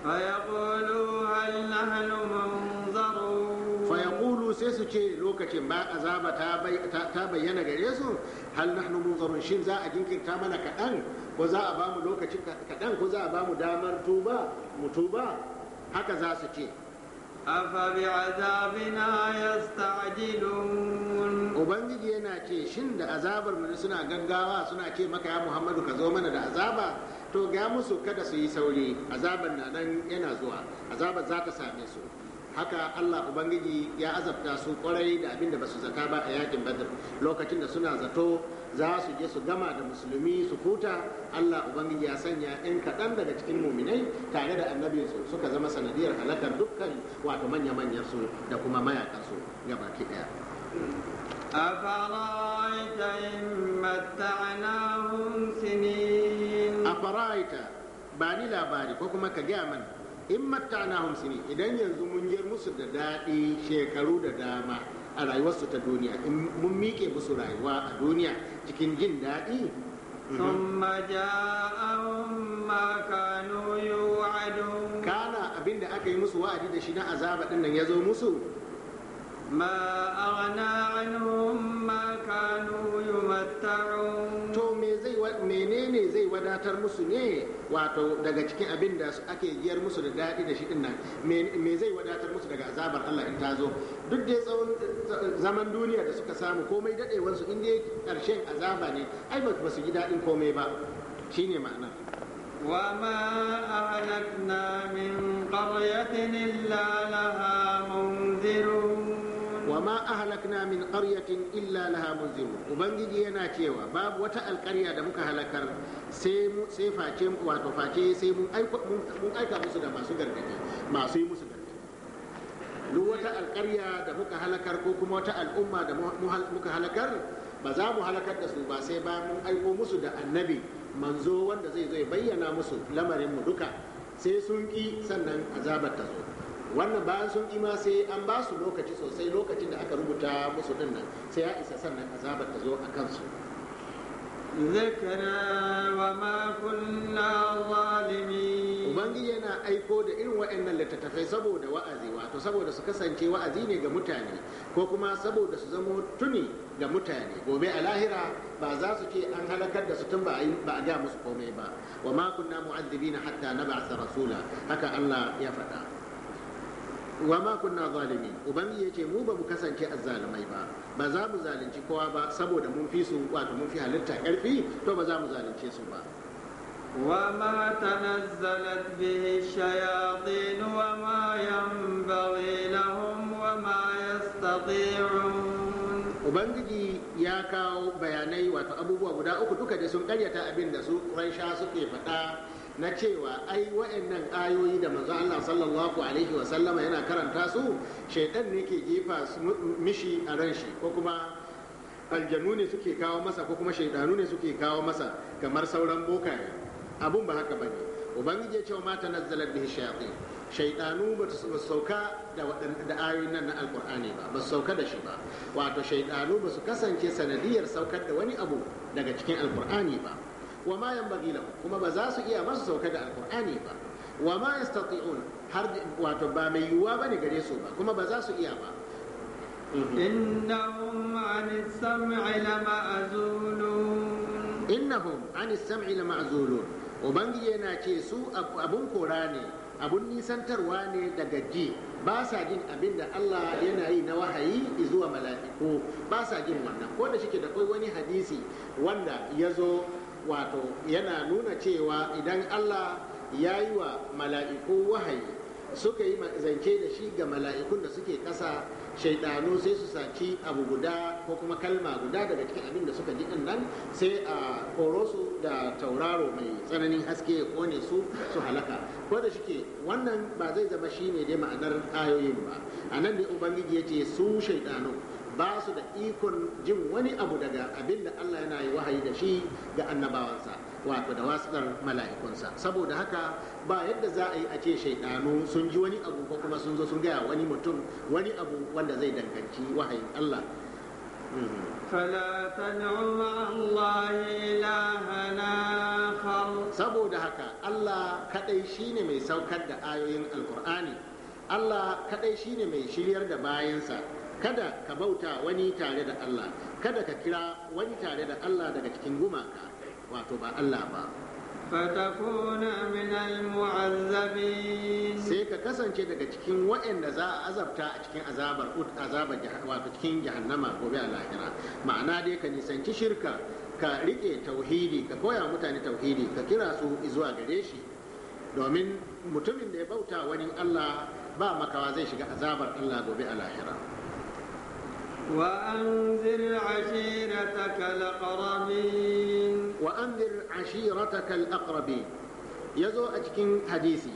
فيقولوا هل نحن منظرون فيقولوا سيسو تشي لوكاتين با عذاب تا بينا gare su hal nahnu munzarun shi za a jinkirta mana kaɗan ko za a bamu lokacin kaɗan ko za a bamu damar tuba mu tuba haka za su ce Afabi a na afabi'azabina yasta'jilun ubangiji yana ce shin da azabar mu suna gangawa suna ce maka ya muhammadu ka zo mana da azaba to ga musu kada su yi sauri azaban na nan yana zuwa azaban za ta same su haka Allah Ubangiji ya azabta su kwarai da abin da ba su zata ba a yakin Badr lokacin da suna zato za su je su gama da musulmi su huta Allah Ubangiji ya sanya yan kaɗan daga cikin muminai tare da annabi su suka zama sanadiyar halakar dukkan wato manya-manyan su da kuma mayakan su gabaki ɗaya. أفرأيت إن متعناهم سنين faraita ba ni labari ko kuma ka gaya mana in na hamsin, idan yanzu mun yar musu da daɗi shekaru da dama a rayuwarsu ta duniya in mun miƙe musu rayuwa a duniya cikin jin daɗi ثم جاءهم ما كانوا يوعدون kana abinda aka yi musu wa'adi da shi na azaba din nan ya zo musu ما أغنى عنهم ما كانوا يمتعون تو zai wadatar musu ne wato daga cikin abin da su ake giyar musu da daɗi da shi ɗin nan me zai wadatar musu daga azabar Allah in ta zo duk da tsawon zaman duniya da suka samu komai daɗewarsu in dai ƙarshen azaba ne ai ba su yi daɗin komai ba shine ma'ana Wa وما أهلكنا ya قرية lalaha mun منذرون wa ma ahlakna min qaryatin illa laha munzirun ubangiji yana cewa babu wata alƙarya da muka halakar sai sai face wato face sai mun aika mun aika musu da masu gargadi masu yi musu gargadi duk wata alƙarya da muka halakar ko kuma wata al'umma da muka halakar ba za mu halakar da su ba sai ba mun aiko musu da annabi manzo wanda zai zo ya bayyana musu lamarin mu duka sai sun ki sannan azabar ta zo wannan bayan sun ima sai an ba su lokaci sosai lokacin da aka rubuta musu din nan sai ya isa sannan azabar ta zo a kansu wa ma kunna zalimi ubangiji yana aiko da irin waɗannan littattafai saboda wa'azi wato saboda su kasance wa'azi ne ga mutane ko kuma saboda su zamo tuni ga mutane gobe a lahira ba za su ce an halakar da su tun ba a ga musu komai ba wa ma kunna mu'azzibina hatta naba'a rasula haka Allah ya faɗa wa ma kunna zalimi ubangiji yace mu bamu kasance azzalumai ba ba za mu zalunci kowa ba saboda mun fi su wato mun fi halitta karfi to ba za mu zalunce su ba Wa ma bihi shayatin wa ma yanbaghi lahum wa ma yastati'un Ubangiji ya kawo bayanai wato abubuwa guda uku duka da sun karyata abin da su sha suke faɗa na cewa ai wa'annan ayoyi da manzo Allah sallallahu alaihi wa sallama yana karanta su shaidan ne ke jefa mishi a ran shi ko kuma aljanu ne suke kawo masa ko kuma shaidanu ne suke kawo masa kamar sauran bokaye abun ba haka bane ubangiji ya ce wa mata nazzalar bihi shayatin shaidanu ba su sauka da ayoyin nan na alkur'ani ba ba su sauka da shi ba wato shaiɗanu ba su kasance sanadiyar saukar da wani abu daga cikin alkur'ani ba wa ma yanbaghi lahu kuma ba za su iya masu sauka da alqur'ani ba wa ma yastati'un har wato ba mai yiwuwa bane gare su ba kuma ba za su iya ba innahum an sam'i lama'zulun innahum an sam'i lama'zulun ubangiji yana ce su abun kora ne abun nisantarwa ne daga ji ba sa jin abin da Allah yana yi na wahayi zuwa mala'iku ba sa jin wannan ko da shike da kai wani hadisi wanda ya zo wato yana nuna cewa idan Allah ya yi wa mala'iku wahayi suka yi zance da shi ga mala'ikun da suke ƙasa shaidanu sai su saci abu guda ko kuma kalma guda daga cikin abin da suka ji din nan sai a koro su da tauraro mai tsananin haske ya kone su su halaka ko da shike wannan ba zai zama shine dai ma'anar ayoyin ba a nan dai ubangiji ya ce su shaidanu ba su da ikon jin wani abu daga abin da Allah yana yi wahayi da shi ga annabawansa wato da wasuɗar mala'ikunsa saboda haka ba yadda za a yi a ce shaidanu sun ji wani abu ko kuma sun zo sun gaya wani mutum wani abu wanda zai danganci wahayin Allah saboda haka Allah kadai shine mai saukar da ayoyin alkur'ani Allah kadai shine mai shiryar da bayansa kada ka bauta wani tare da Allah kada ka kira wani tare da Allah daga cikin gumaka wato ba Allah ba fatakuna min almu'azzabin sai ka kasance daga cikin waɗanda za a azabta a cikin azabar ut azabar wato cikin jahannama gobe a lahira ma'ana dai ka nisanci shirka ka rike tauhidi ka koya mutane tauhidi ka kira su zuwa gare shi domin mutumin da ya bauta wani Allah ba makawa zai shiga azabar Allah gobe a lahira وأنذر عشيرتك الأقربين وأنذر عشيرتك الأقربين يزو أتكين حديثي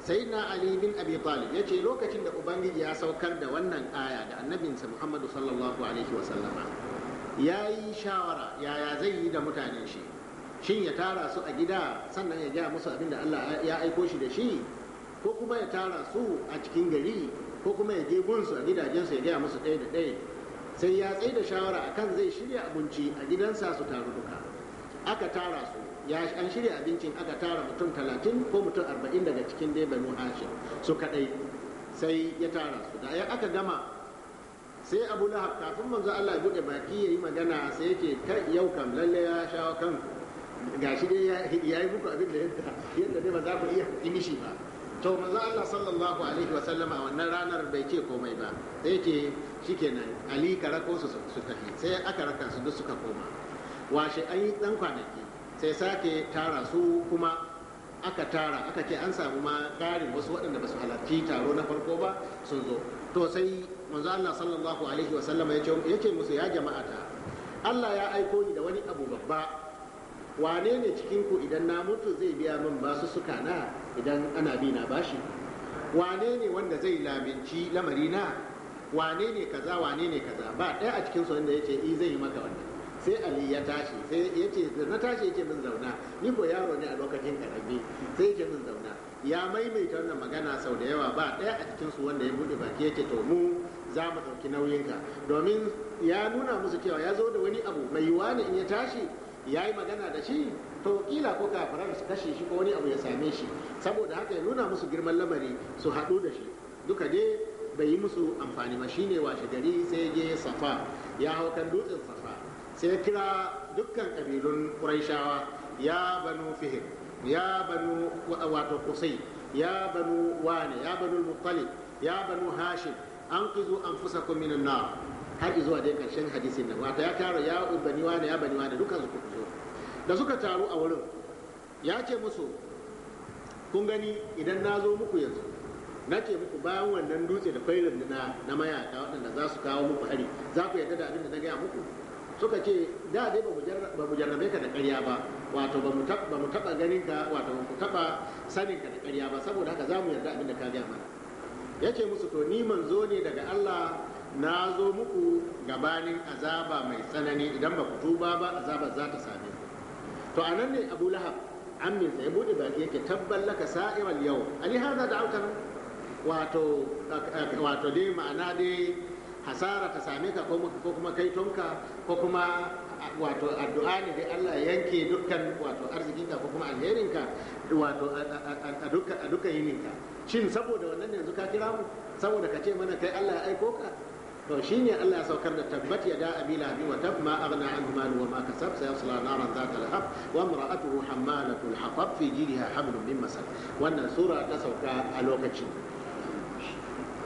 سيدنا علي بن أبي طالب يجي لوكة أبنجي يا سوكر دوانا آية النبي محمد صلى الله عليه وسلم ya yi shawara yaya zai yi da mutanen shi shin ya tara su a gida sannan ya gaya musu abin da Allah ya aiko shi da shi ko kuma ya tara su a cikin gari ko kuma ya je gunsu a gidajensu ya gaya musu ɗaya da ɗaya sai ya tsaye da shawara akan zai shirya abinci a gidansa su taru duka aka tara su ya an shirya abincin aka tara mutum talatin ko mutum arba'in daga cikin dai banu su kadai sai ya tara su da aka gama sai abu lahab kafin manzo Allah ya bude baki ya yi magana sai yake yau kam lalle ya shawo kan gashi dai ya yi muku abin da yadda dai ba za ku iya mishi ba to manzo Allah sallallahu alaihi wa sallama a wannan ranar bai ce komai ba sai yake shikenan ali ka rako su su tafi sai aka raka su duk suka koma washe an yi dan kwanaki sai sake tara su kuma aka tara aka ce an samu ma karin wasu waɗanda ba su halarci taro na farko ba sun zo to sai manzo Allah sallallahu alaihi wa sallama ya ce musu ya jama'ata Allah ya aiko ni da wani abu babba wane ne cikinku idan na mutu zai biya min basu suka na idan ana bi na bashi wane ne wanda zai laminci lamari na wane ne kaza wane ne kaza ba ɗaya a cikin wanda ya ce i zai yi maka wannan sai ali ya tashi sai ya ce na tashi ce min zauna ni ko yaro ne a lokacin karami sai ce min zauna ya maimaita wannan magana sau da yawa ba ɗaya a cikinsu wanda ya buɗe baki yake to mu za mu ɗauki nauyinka domin ya nuna musu cewa ya zo da wani abu mai yiwuwa ne in ya tashi ya yi magana da shi to kila ko kafirar su kashe shi ko wani abu ya same shi saboda haka ya nuna musu girman lamari su haɗu da shi duka dai bai yi musu amfani ba shine washe gari sai ya safa ya hau kan dutsen safa sai ya kira dukkan kabilun ƙuraishawa ya banu fihir ya banu wato kusai ya banu wane ya banu mutali ya banu hashim an kizo an fusa minan na har zuwa dai karshen hadisin nan wata ya tara ya bani wane ya bani wane dukkan su kuɗi da suka taru a wurin ya ce musu kun gani idan na zo muku yanzu na ce muku bayan wannan dutse da kwai runduna na mayaka waɗanda za su kawo muku hari za ku yarda da abin da na gaya muku suka ce da dai ba mu jarrabe ka da ƙarya ba wato ba mu taɓa ganin ka wato ba mu taɓa sanin ka da ƙarya ba saboda haka za mu yarda abin da ka gaya mana ya ce musu to ni manzo ne daga Allah na zo muku gabanin azaba mai tsanani idan ba ku tuba ba azabar za ta same to a nan ne abu lahab ammin sai bude baki yake tabban laka sa'iral yau ali hadha da'awta wato wato dai ma'ana dai hasara ta same ka ko kuma kai tonka ko kuma wato addu'a ne dai Allah yanke dukkan wato arzikinka ko kuma alherinka wato a dukkan yininka shin saboda wannan yanzu ka kira mu saboda ka ce mana kai Allah ya aiko ka to ne Allah ya saukar da tabbat ya da abi bi wa tab ma aghna anhu malu wa ma kasab sayasla naran ta lahab wa imra'atuhu hammalatul hatab fi jidha hablum min masad wannan sura ta sauka a lokaci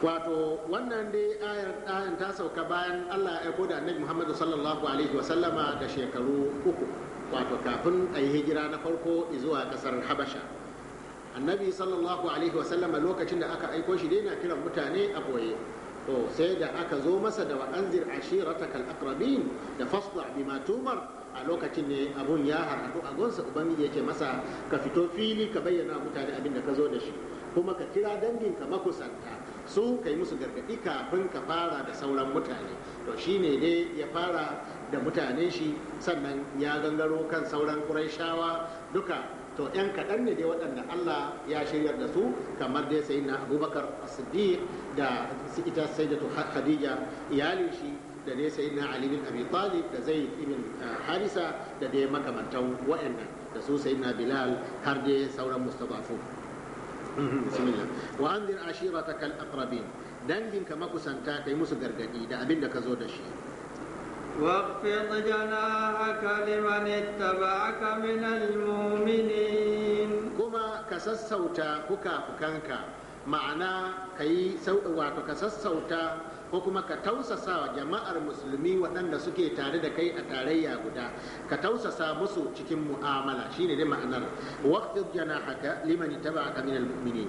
wato wannan dai ayar ayar ta sauka bayan Allah ya aiko da Annabi Muhammad sallallahu alaihi wa sallama da shekaru uku wato kafin a yi hijira na farko zuwa kasar Habasha annabi sallallahu alaihi wa sallama lokacin da aka aiko shi dai na kiran mutane a boye to sai da aka zo masa da wa'anzir shirar shiratakal aqrabin da fasda bima tumar a lokacin ne abun ya haradu a gonsa ubangiji yake masa ka fito fili ka bayyana mutane abin da ka zo da shi kuma ka kira danginka makusanta su ka yi musu gargadi kafin ka fara da sauran mutane to shi ne dai ya fara da mutane shi sannan ya gangaro kan sauran ƙuraishawa duka to yan kaɗan ne dai waɗanda Allah ya shiryar da su kamar dai sai na abubakar siddiq da ita sai da khadija iyalin shi da dai sai na ali bin abi talib da zai ibn ah, harisa da dai makamantan waɗannan da su sai na bilal har dai sauran mustafafu bismillah wa anzir ashirataka al dangin ka makusanta kai musu gargadi da abin da ka zo da shi واخفض جناحك لمن اتبعك من المؤمنين كما كسسوتا كوكا فكانكا ma'ana ka yi wato ka sassauta ko kuma ka tausasa wa jama'ar musulmi waɗanda suke tare da kai a tarayya guda ka tausasa musu cikin mu'amala shine dai ma'anar waqtid janahaka liman tabaka minal mu'minin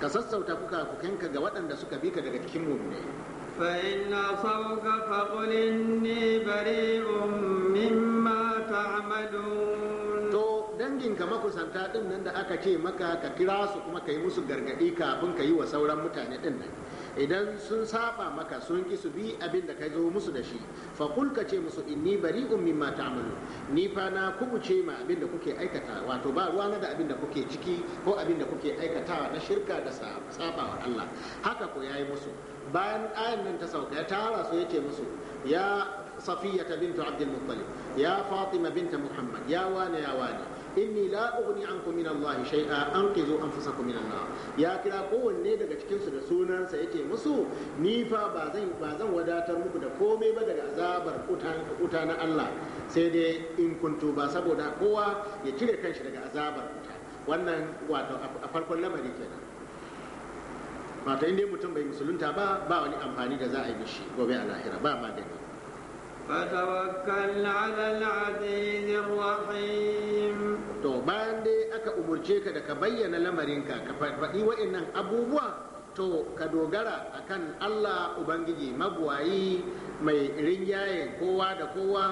ka sassauta kuka kukanka ga waɗanda suka bi ka daga cikin mu'minai فإن عصوك فقل إني بريء مما تعملون to danginka makusanta din nan da aka ce maka ka kira su kuma ka yi musu gargadi kafin ka yi wa sauran mutane din nan idan sun saba maka sun ki su bi abin da ka zo musu da shi fa ka ce musu inni bari'un mimma ta'malu ni fa na kubuce ma abin da kuke aikata wato ba ruwa na da abin da kuke ciki ko abin da kuke aikatawa na shirka da sabawa Allah haka ko yayi musu bayan ayan nan ta sauka ya tara su ya ce musu ya ta bintu abdul muttalib ya fatima binta muhammad ya wane ya wane inni la ughni ankum min allahi shay'a anqizu anfusakum min an-nar ya kira kowanne daga cikin su da sunansa yake musu ni fa ba zan ba zan wadatar muku da komai ba daga azabar kuta na Allah sai dai in kuntu ba saboda kowa ya cire kanshi daga azabar kuta wannan wato a farkon lamari kenan wato inda mutum bai musulunta ba ba wani amfani da za a yi mishi gobe a lahira ba magani to bayan dai aka umurce ka da ka bayyana lamarinka ka faɗi wa'annan abubuwa to ka dogara akan Allah Ubangiji magwayi mai ringyaye kowa da kowa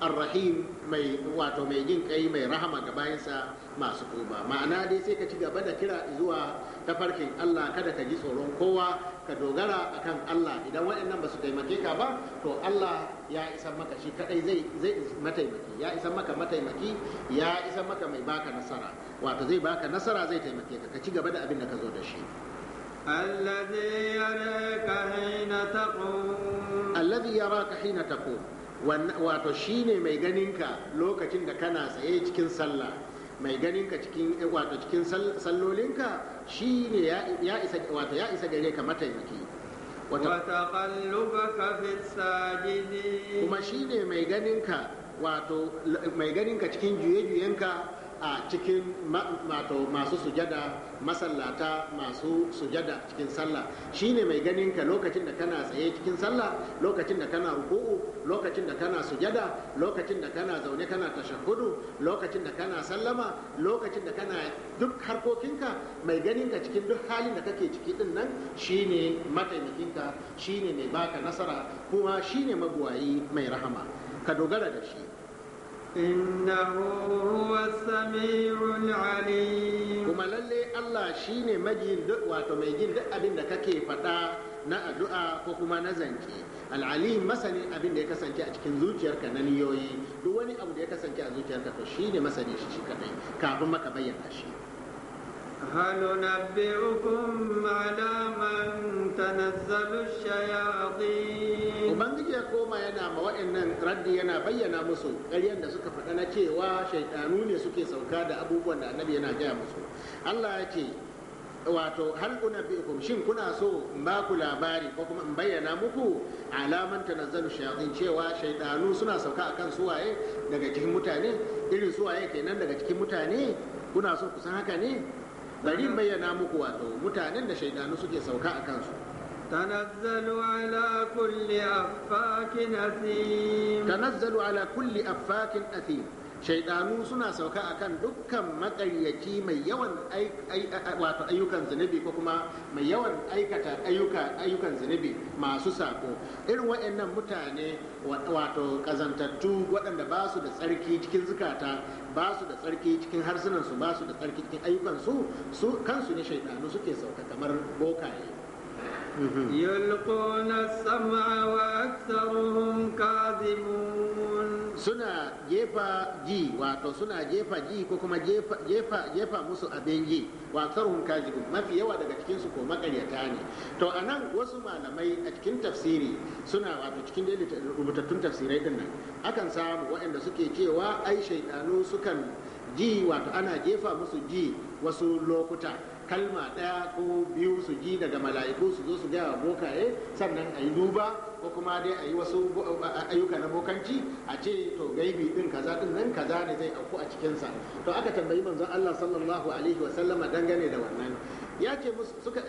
arrahim mai wato mai jin kai mai rahama ga bayansa masu tuba ma'ana dai sai ka ci gaba da kira zuwa Ta farkin Allah kada ka ji tsoron kowa ka dogara akan Allah idan waɗannan ba su taimake ka ba to Allah ya isa maka shi kadai zai zai mataimaki ya isa maka mataimaki ya isa maka mai baka nasara wato zai baka nasara zai taimake ka ka ci gaba da abin da ka zo da shi الذي يراك حين تقوم الذي يراك حين تقوم wato shine mai ganinka lokacin da kana tsaye cikin sallah mai ganin ka cikin eh, wato cikin sallolinka shi ne ya isa wato ya isa gare ka mataimaki wataqallubaka fi sajidi kuma shi ne mai ganin ka wato mai ganin ka cikin juye a cikin masu sujada masallata masu sujada cikin sallah shine mai ganin ka lokacin da kana tsaye cikin sallah lokacin da kana ruku'u lokacin da kana sujada lokacin da kana zaune kana tashahudu lokacin da kana sallama lokacin da kana duk harkokinka mai ganin ka cikin duk halin da kake ciki din nan shine mataimakinka shine mai baka nasara kuma shine magwayi mai rahama ka dogara da shi kuma lalle allah العليم كما للي الله شيني مجين دعوة ومجين دعوة بين na addu'a ko kuma na zanki al'ali masani abin da ya kasance a cikin zuciyarka na niyoyi duk wani abu da ya kasance a zuciyarka shi shine masani shi kadai kafin maka bayyana shi هل ننبئكم ya koma yana ma wa'annan raddi yana bayyana musu ƙaryan da suka faɗa na cewa shaidanu ne suke sauka da abubuwan da annabi yana gaya musu Allah ya ce wato hal unabbiukum kumshin kuna so in ba ku labari ko kuma in bayyana muku alaman tanazzalu shayatin cewa shaidanu suna sauka akan suwaye daga cikin mutane irin suwaye kenan daga cikin mutane kuna so ku san haka ne bari bayyana muku wato mutanen da shaidanu suke sauka a kansu تنزل على كل أفاك أثيم تنزل على كل shaidanu suna sauka akan dukkan makaryaci mai yawan ayyukan zunubi ko kuma mai yawan aikata ayyukan zunubi masu sako irin waɗannan mutane wato kazantattu waɗanda ba su da tsarki cikin zukata ba su da tsarki cikin harsunansu ba su da tsarki cikin ayyukansu kansu ne shaidanu suke sauka kamar bokaye يلقون السمع وأكثرهم كاذبون سنة جيفا جي واتو سنة جيفا جي كوكما جيفا جيفا جيفا مسو أبين جي وأكثرهم كاذبون ما في يوا daga cikin su ko makaryata ne to anan wasu malamai a cikin tafsiri suna wato cikin rubutattun tafsirai din nan akan samu waɗanda suke cewa ai shaidanu sukan ji wato ana jefa musu ji wasu lokuta kalma ɗaya ko biyu su ji daga mala'iku su zo su gaya wa bokaye sannan a yi duba ko kuma dai a yi wasu ayyuka na bokanci a ce to gaibi din kaza din nan kaza ne zai auku a cikinsa to aka tambayi manzon Allah sallallahu alaihi wa sallama dangane da wannan yake musu suka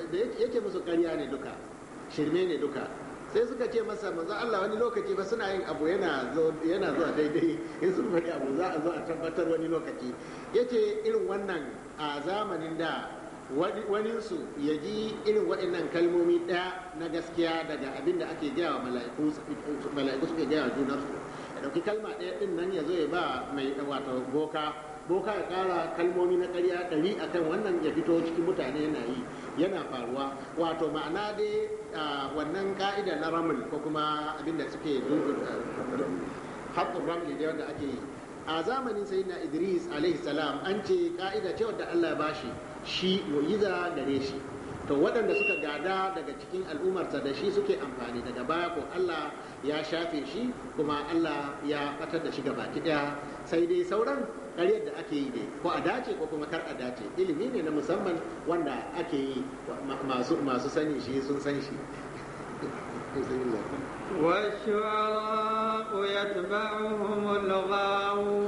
musu ƙarya ne duka shirme ne duka sai suka ce masa manzo Allah wani lokaci ba suna yin abu yana yana zuwa daidai in sun faɗi abu za a zo a tabbatar wani lokaci yace irin wannan a zamanin da waninsu ya ji irin waɗannan kalmomi ɗaya na gaskiya daga abinda ake gaya wa mala'iku suke gaya wa juna su ya ɗauki kalma ɗaya ɗin nan ya zo ya ba mai wato boka boka ya ƙara kalmomi na ƙarya ɗari a kan wannan ya fito cikin mutane yana yi yana faruwa wato ma'ana dai wannan ka'ida na ramul ko kuma abinda suke haƙƙin ramul da ake yi a zamanin na idris alaihi salam an ce ka'ida ce wadda allah ya bashi shi wa'iza gare shi to waɗanda suka gada daga cikin al'ummarsa da shi suke amfani daga baya ko allah ya shafe shi kuma allah ya ɓatar da shi gaba ɗaya sai dai sauran karyar da ake yi ne ko a dace ko kuma kar a dace ilimi ne na musamman wanda ake yi masu sani shi sun san shi والشعراء يتبعهم الغاوون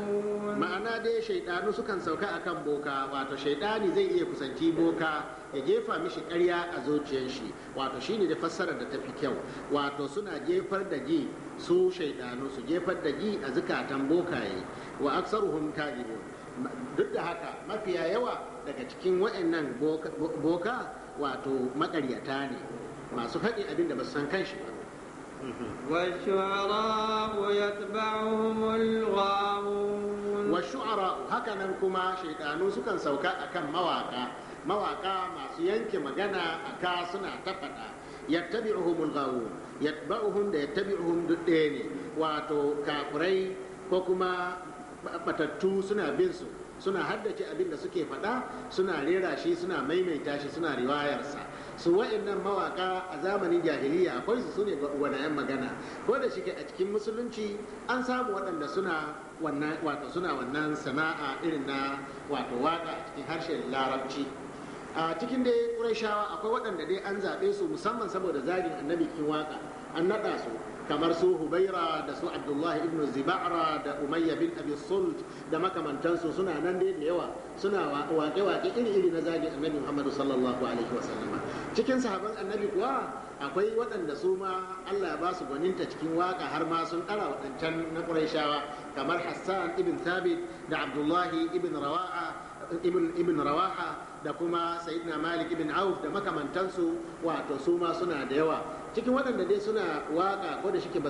ma'ana dai shaidanu sukan sauka akan boka wato shaidani zai iya kusanci boka ya jefa mishi karya a zuciyar shi wato shine da fassarar da tafi kyau wato suna jefar da ji su shaidanu su jefar da ji a zukatan bokaye wa aksaruhum kadibun duk da haka mafiya yawa daga cikin waɗannan boka wato maƙaryata ne masu faɗi abin da san kan shi ba. wa shu'ara haka nan kuma shaidanu sukan sauka akan mawaka mawaka masu yanke magana a ka suna ta faɗa yattabi'uhum al yatba'uhum da yattabi'uhum dudde ne wato kafurai ko kuma batattu suna bin su suna haddace abin da suke faɗa suna rera shi suna maimaita shi suna riwayarsa su wa'annan mawaƙa a zamanin jahiliya akwai su sune wadayen magana ko da shi a cikin musulunci an samu waɗanda suna wannan wato suna wannan sana'a irin na wato waka a cikin harshen larabci a cikin dai ƙurashawa akwai waɗanda dai an zaɓe su musamman saboda zagin annabi kin waka an naɗa su kamar su hubaira da su abdullahi ibn ziba'ra da umayya bin abi sult da makamantansu suna nan dai da yawa suna waƙe-waƙe iri-iri na zagin annabi muhammadu sallallahu alaihi wasallama cikin sahaban annabi kuwa akwai waɗanda su ma allah ba su gwaninta cikin waƙa har ma sun ƙara waɗancan na ƙurayshawa kamar hassan ibn thabit da abdullahi ibn rawaha ibn rawaha da kuma sayyidina malik ibn auf da makamantansu wato su ma suna da yawa cikin waɗanda dai suna waka ko da shike ba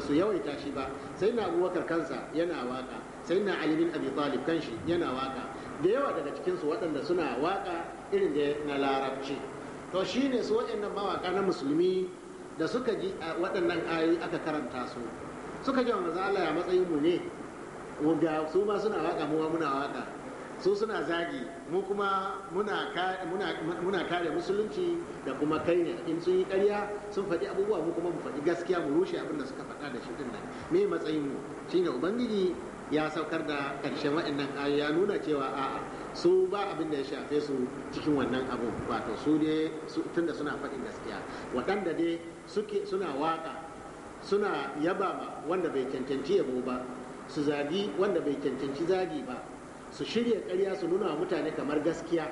su yawaita shi ba sayyidina abubakar kansa yana waka sayyidina ali bin abi talib kanshi yana waka da yawa daga cikinsu waɗanda suna waka irin da na larabci to shine su waɗannan mawaka na musulmi da suka ji a waɗannan ayoyi aka karanta su suka ji manzo Allah ya matsayin mu ne ga su ma suna waka mu muna waka su suna zagi mu kuma muna kare musulunci da kuma kai ne in sun yi karya sun faɗi abubuwa mu kuma mu faɗi gaskiya mu rushe abin da suka faɗa da shi din nan me matsayin mu ne ubangiji ya saukar da ƙarshen waɗannan ayoyi ya nuna cewa a su ba abin da ya shafe su cikin wannan abu wato su ne tunda suna faɗin gaskiya waɗanda dai suke suna waka suna yaba wanda bai cancanci yabo ba su zagi wanda bai cancanci zagi ba su shirya karya su nuna wa mutane kamar gaskiya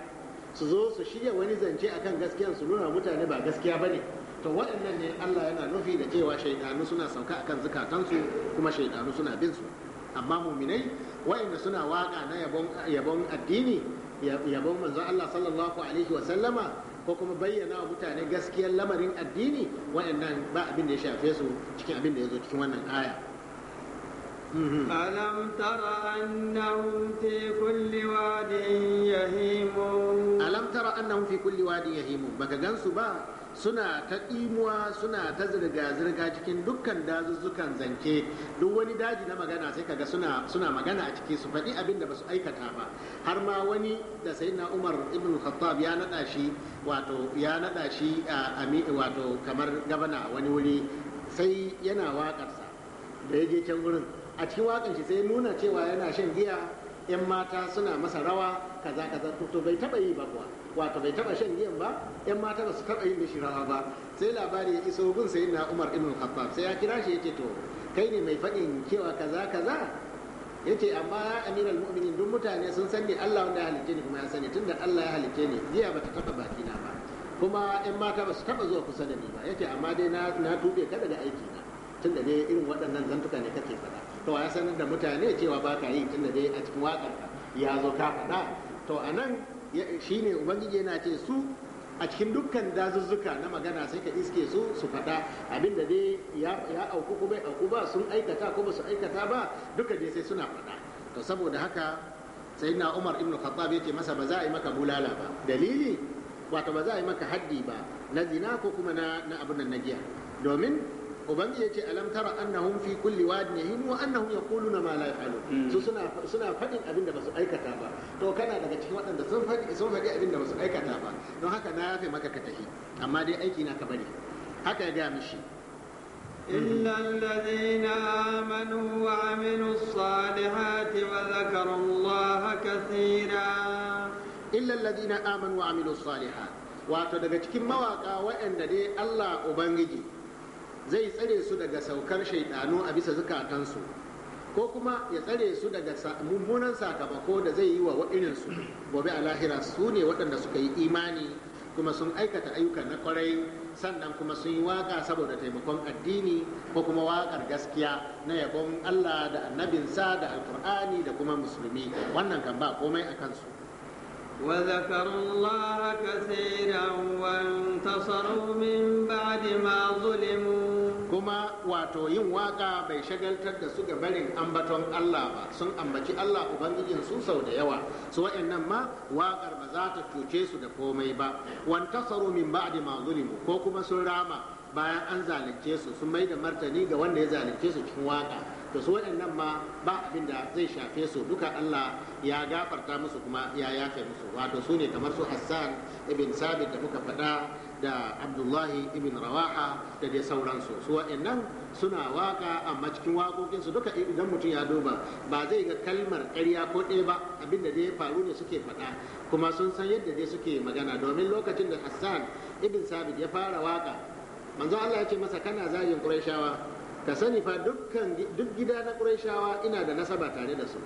su zo su shirya wani zance akan gaskiya su nuna mutane ba gaskiya ba ne to waɗannan ne Allah yana nufi da cewa shaidanu suna sauka akan zukatansu kuma shaidanu suna bin su amma muminai waɗanda suna waka na yabon addini yabon manzo Allah sallallahu alaihi wa sallama ko kuma bayyana wa mutane gaskiyar lamarin addini waɗannan ba abin da ya shafe su cikin abin da ya zo cikin wannan aya Mm-hmm. ألم تر أنهم في كل واد يهيمون ألم تر أنهم في كل واد يهيمون بك جنسوا suna ta ɗimuwa suna ta zirga-zirga cikin dukkan dazuzzukan zanke duk wani daji na magana sai kaga suna suna magana a ciki su faɗi abin da ba su aikata ba har ma wani da sai na umar ibn khattab ya naɗa shi wato ya naɗa shi a wato kamar gabana wani wuri sai yana waƙarsa da ya je can wurin a cikin wakan shi sai nuna cewa yana shan giya yan mata suna masa rawa kaza kaza to bai taba yi ba kuwa wato bai taba shan giyan ba yan mata ba su taba yin mishi rawa ba sai labari ya iso gun sai na Umar ibn Khattab sai ya kira shi yace to kai ne mai fadin cewa kaza kaza yace amma ya amiral mu'minin duk mutane sun san ne Allah wanda ya halicce ni kuma ya sani tunda Allah ya halicce ni giya bata taba baki na ba kuma yan mata ba su taba zuwa kusa da ni ba yace amma dai na na tube ka daga aiki na tunda dai irin waɗannan zantuka ne kake faɗa to a sanar da mutane cewa ba ka yi tunda dai a cikin waƙar ya zo ka faɗa to a nan shi ne ubangiji yana ce su a cikin dukkan dazuzzuka na magana sai ka iske su su faɗa abinda dai ya auku ko bai auku ba sun aikata ko ba su aikata ba duka dai sai suna faɗa to saboda haka sai na umar ibn khattab ce masa ba za a yi maka bulala ba dalili wato ba za a yi maka haddi ba na zina ko kuma na abin nan na giya domin ubangi yace alam tara annahum fi kulli wadin yahin wa annahum yaquluna ma la yafalun hmm. su suna suna fadin abinda basu aikata ba to kana daga cikin waɗanda sun fadi sun fadi abinda basu aikata ba don haka na yafe maka ka tafi amma dai aiki na ka bari haka ya ga mishi إلا الذين آمنوا وعملوا الصالحات وذكروا الله كثيرا إلا الذين آمنوا وعملوا الصالحات wato daga cikin mawaka wa'anda dai Allah Ubangiji zai tsare su daga saukar shaidanu a bisa zukatansu ko kuma ya tsare su daga mummunan sakamako da zai yi wa waɗinansu gobe a lahira su ne waɗanda suka yi imani kuma sun aikata ayyukan na kwarai sannan kuma sun yi waka saboda taimakon addini ko kuma wakar gaskiya na yabon allah da annabinsa da alkur'ani da kuma musulmi wannan kan ba komai a kansu وذكروا الله كثيرا وانتصروا من بعد ما ظلموا كما واتو yin waƙa bai shagaltar da su ga barin ambaton Allah ba sun ambaci Allah ubangijin su sau da yawa su waɗannan ma waƙar ba za ta cuce su da komai ba wantasaru min ba'di ma zulimu ko kuma sun rama bayan an zalunce su sun mai da martani ga wanda ya zalunce su cikin waƙa. to su waɗannan ma ba abin da zai shafe su duka Allah ya gafarta musu kuma ya yafe musu wato su ne kamar su Hassan ibn Sabit da muka faɗa da Abdullahi ibn Rawaha da dai sauransu su waɗannan suna waka amma cikin su duka idan mutum ya duba ba zai ga kalmar ƙarya ko ɗaya ba abin da dai faru ne suke faɗa kuma sun san yadda dai suke magana domin lokacin da Hassan ibn Sabit ya fara waka manzo Allah ya ce masa kana zagin Qurayshawa ka sani fa dukkan duk gida na ƙurashawa ina da nasaba tare da su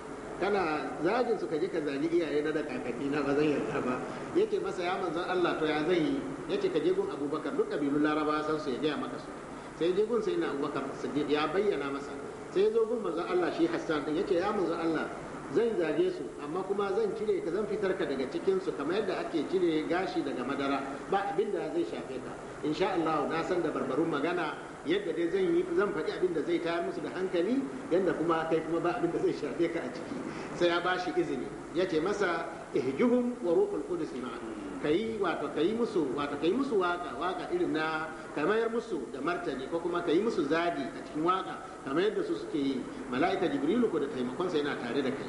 kana zagin su ka je ka zagi iyaye na da kakaki na ba zan yarda ba yake masa ya manzon Allah to ya zan yi yace ka je gun Abubakar duk kabilun Larabawa san su ya gaya maka su sai je gun sai na Abubakar Siddiq ya bayyana masa sai zo gun manzon Allah shi Hassan din yace ya manzon Allah zan zage su amma kuma zan cire ka zan fitar ka daga cikin su kamar yadda ake cire gashi daga madara ba abin da zai shafe ka insha Allah na san da barbarun magana yadda dai zan yi zan faɗi abin da zai tayar musu da hankali yadda kuma kai kuma ba abin da zai shafe ka a ciki sai ya ba shi izini ya ce masa ihjuhum wa ruhul qudus ma'an kai wato kai musu wato kai musu waka waka irin na kamar musu da martani ko kuma kai musu zagi a cikin waka kamar yadda su suke yi mala'ika jibrilu ko da taimakon sa yana tare da kai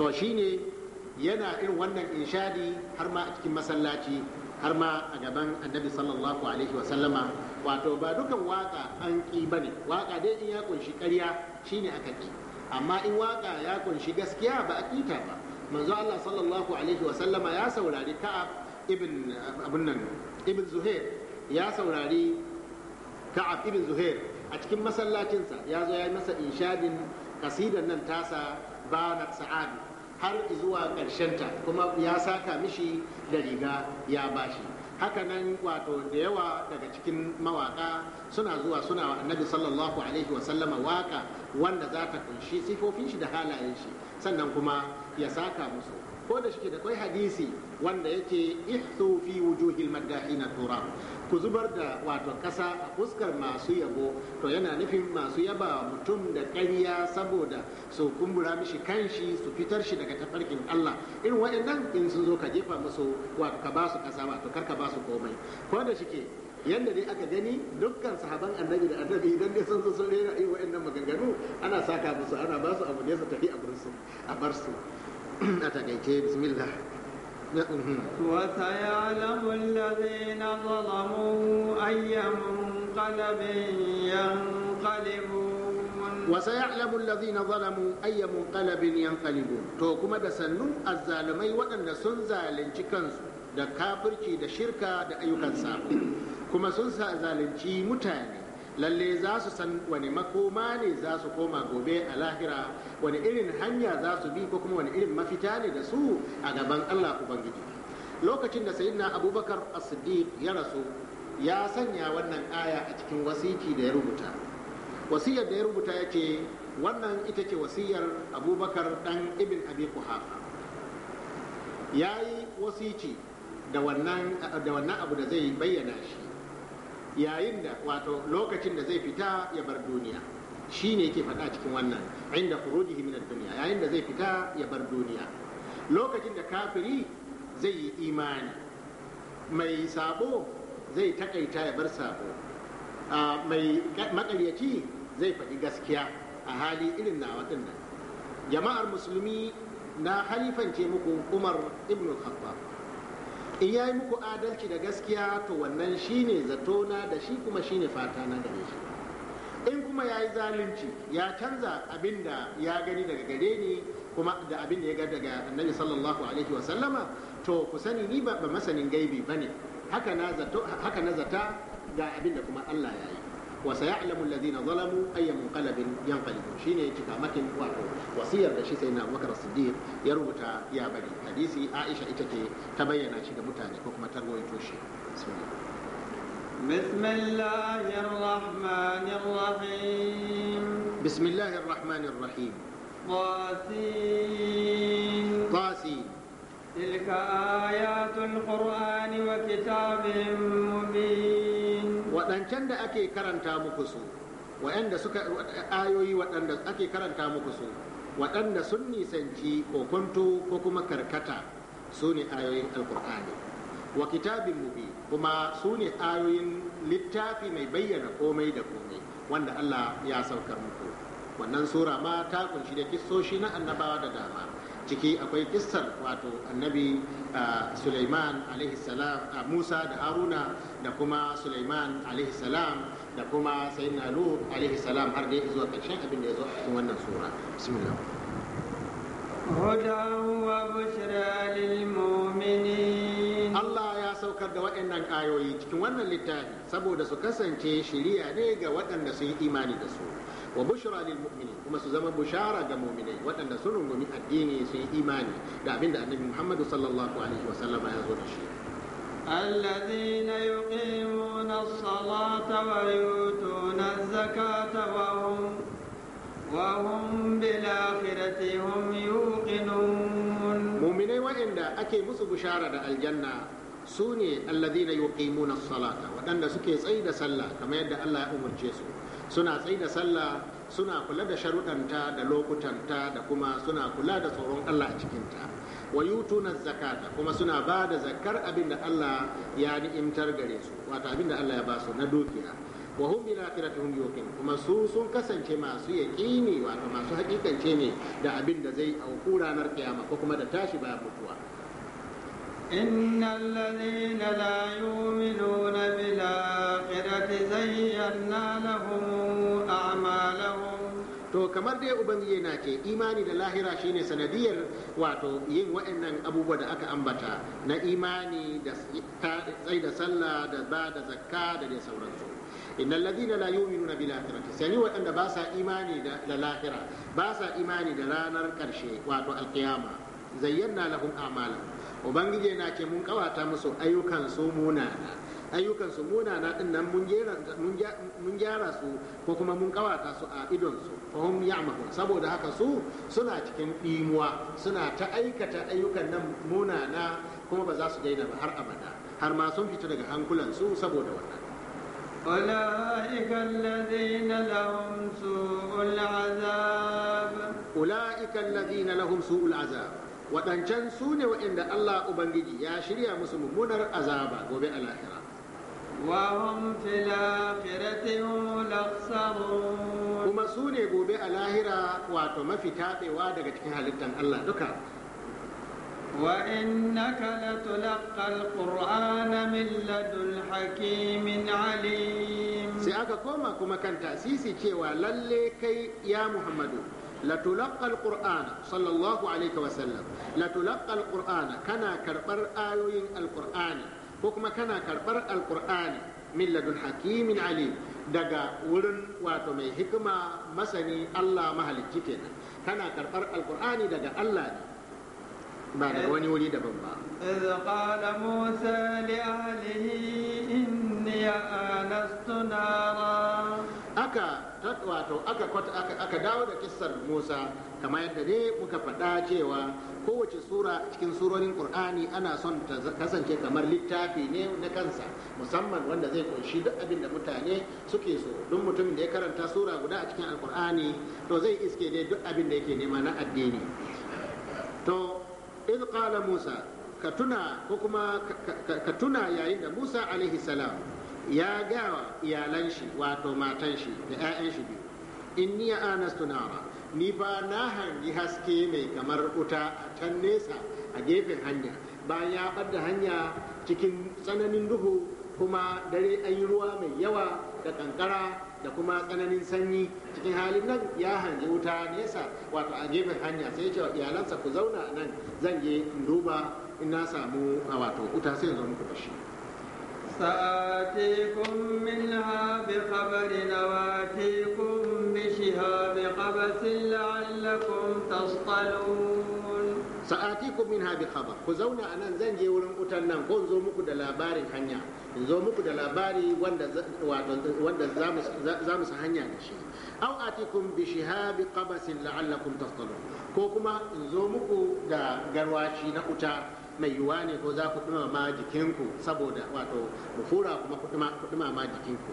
to shine yana irin wannan inshadi har ma a cikin masallaci har ma a gaban annabi sallallahu alaihi wa sallama wato ba dukan waka an ƙi ba ne waka dai in ya kunshi ƙarya shine aka ƙi amma in waka ya kunshi gaskiya ba a ƙita ba manzo Allah sallallahu alaihi wa sallama ya saurari ka'ab ibn abun nan ibn zuhair ya saurari ka'ab ibn zuhair a cikin masallacinsa ya zo ya yi masa inshadin kasidan nan tasa banat sa'ad har zuwa ta kuma ya saka mishi da riga ya bashi hakanan wato da yawa daga cikin mawaka suna zuwa suna wa annabi sallallahu alaihi wa sallama waka wanda za ta kunshi sifofin shi da halayen shi sannan kuma ya saka musu ko da shi da kai hadisi wanda yake ihsu fi wujuhil madahina turab ku zubar da wato kasa a fuskar masu yabo to yana nufin masu yaba mutum da ƙarya saboda su kumbura mishi kanshi su fitar shi daga tafarkin Allah irin waɗannan in sun zo ka jefa musu wato ka ba su ƙasa wato kar ka komai ko da shike yadda dai aka gani dukkan sahaban annabi da annabi idan dai sun zo sun rera irin waɗannan maganganu ana saka musu ana basu abu ne su tafi a bar su a bar su a takaice bismillah وسيعلم الذين ظلموا أي منقلب ينقلبون وسيعلم الذين ظلموا أي منقلب ينقلبون تو كما دسنن الظالمي ودن سن زالنجي كانسو da kafirci da shirka da ayyukan sabo kuma sun sa zalunci mutane lalle za su san wani makoma ne za su koma gobe a lahira wani irin hanya za su bi ko kuma wani irin mafita ne da su a gaban Allah Ubangiji lokacin da sayyidina Abubakar As-Siddiq ya rasu ya sanya wannan aya a cikin wasiki da ya rubuta wasiyar da ya rubuta ya ce wannan ita ce wasiyar Abubakar dan ibin Abi Quhafa yayi wasici da wannan da wannan abu da zai bayyana shi yayin da wato lokacin da zai fita ya bar duniya shi ne yake faɗa cikin wannan inda furujihi min duniya yayin da zai fita ya bar duniya lokacin da kafiri zai yi imani mai sabo zai takaita ya bar sabo mai makaryaci zai faɗi gaskiya a hali irin na waɗannan jama'ar musulmi na halifance muku umar ibn khattab in ya yi muku adalci da gaskiya to wannan shine na da shi kuma shine fata na gare shi in kuma ya yi zalunci ya canza abin da ya gani daga gare ni kuma da abin da ya ga daga annabi sallallahu alaihi wa sallama to ku sani ni ba masanin gaibi bane haka na zata ga abin da kuma Allah ya yi وسيعلم الذين ظلموا أي منقلب ينقلب شين يتكا مكن واتو وصير دشي سيدنا أبو بكر الصديق يروتا يا بني حديثي عائشة إتكي تبين شي متاني كوكما تروي توشي بسم الله بسم الله الرحمن الرحيم بسم الله الرحمن الرحيم طاسين طاسين تلك آيات القرآن وكتاب مبين waɗancan da ake karanta muku su waɗanda suka ayoyi waɗanda ake karanta muku su waɗanda sun nisanci kokonto ko kuma karkata su ne ayoyin alkur'ani wa kitabin mubi kuma su ne ayoyin littafi mai bayyana komai da komai wanda allah ya saukar muku wannan sura ma ta kunshi da kisoshi na annabawa da dama ciki akwai kissar wato annabi Suleiman alaihi salam Musa da Haruna da kuma Suleiman alaihi salam da kuma sayyidina Lut alaihi salam har dai zuwa ƙarshen abin da ya zo a cikin wannan sura bismillah huda wa bushra Allah ya saukar da waɗannan ayoyi cikin wannan littafi saboda su kasance shiriya ne ga waɗanda sun yi imani da su wa bushra lil mu'minin kuma su zama bushara ga mu'minai waɗanda sun rungumi addini sun yi imani da abin da annabi Muhammad sallallahu alaihi wasallam ya zo da shi الذين يقيمون الصلاة ويؤتون الزكاة وهم وهم بالآخرة هم يوقنون مؤمنين وإن أكي مسو بشارة الجنة سوني الذين يقيمون الصلاة وأن سكي سيد صلى كما يدى الله أمر جيسو سنة سيد صلى suna kula da sharuɗanta da lokutanta da kuma suna kula da tsoron Allah a cikinta wa yutuna zakata kuma suna ba da zakar abin da Allah ya ni'imtar daresu, su wato abin da Allah ya basu na dukiya wa hum bil akhirati hum yuqin kuma su sun kasance masu yaqini wato masu hakikance ne da abin da zai auku ranar kiyama ko kuma da tashi bayan mutuwa إن الذين لا يؤمنون بالآخرة زينا لهم أعمالهم to kamar dai ubangi yana ce imani da lahira shine sanadiyar wato yin wa'annan abubuwa da aka ambata na imani da tsai da sallah da ba da zakka da dai sauransu Inna ladina la yu'minuna bil akhirati sani waɗanda ba sa imani da lahira ba sa imani da ranar karshe wato alkiyama zayyana lahum amala ubangije na ce mun kawata musu ayyukan su munana ayyukan su munana din nan mun gyara su ko kuma mun kawata su a idon su fahim ya'mahu saboda haka su suna cikin ɗimuwa suna ta aikata ayyukan nan munana kuma ba za su daina ba har abada har ma sun fita daga hankulan su saboda wannan أولئك الذين لهم سوء العذاب أولئك الذين لهم سوء العذاب waɗancan su waɗanda Allah Ubangiji ya shirya musu mummunar azaba gobe a lahira. Wahum fila Kuma su gobe a lahira wato mafi taɓewa daga cikin halittar Allah duka. وإنك لتلقى القرآن من لدن حكيم عليم سيأكا كوما كما كان تأسيسي كيوا للي كي يا محمد لتلقى القرآن صلى الله عليه وسلم لتلقى القرآن كان كربر آيوين القرآن وكما كان كربر القرآن من لدن حكيم عليم daga wurin wato mai hikima masani Allah mahalicci kenan kana karɓar alkur'ani daga Allah ne ba da wani wuri daban ba إذ Musa موسى لأهله إني آنست نارا aka wato aka kwata aka, dawo da kissar Musa kamar yadda dai muka faɗa cewa kowace sura cikin surorin Qur'ani ana son ta kasance kamar littafi ne na kansa musamman wanda zai kunshi duk abin da mutane suke so duk mutumin da ya karanta sura guda a cikin Alkur'ani to zai iske dai duk abin da yake nema na addini to iz musa ka tuna ka tuna yayin da musa alaihi salam ya gawa iyalan shi wato matan shi da 'ya'yan shi biyu ni ya anastu nara ni ba na hangi haske mai kamar wuta a can nesa a gefen hanya ba ya ɓadda hanya cikin tsananin duhu kuma dare an yi ruwa mai yawa da kankara da kuma tsananin sanyi cikin halin nan ya hanji wuta nesa wato a gefen hanya sai ce wa iyalansa ku zauna a nan zan je in duba in na samu a wato wuta sai zo muku da shi سآتيكم منها بخبر نواتيكم بشهاب قبس لعلكم تصطلون sa'atikum min habi khabar ku zauna a nan zan je wurin utan nan ko zo muku da labarin hanya in zo muku da labari wanda za mu sa hanya da shi aw atikum bi shihabi qabasin la'allakum taftalun ko kuma in zo muku da garwaci na uta mai yiwuwa ne ko za ku ma jikinku saboda wato mu fura kuma ku ma jikinku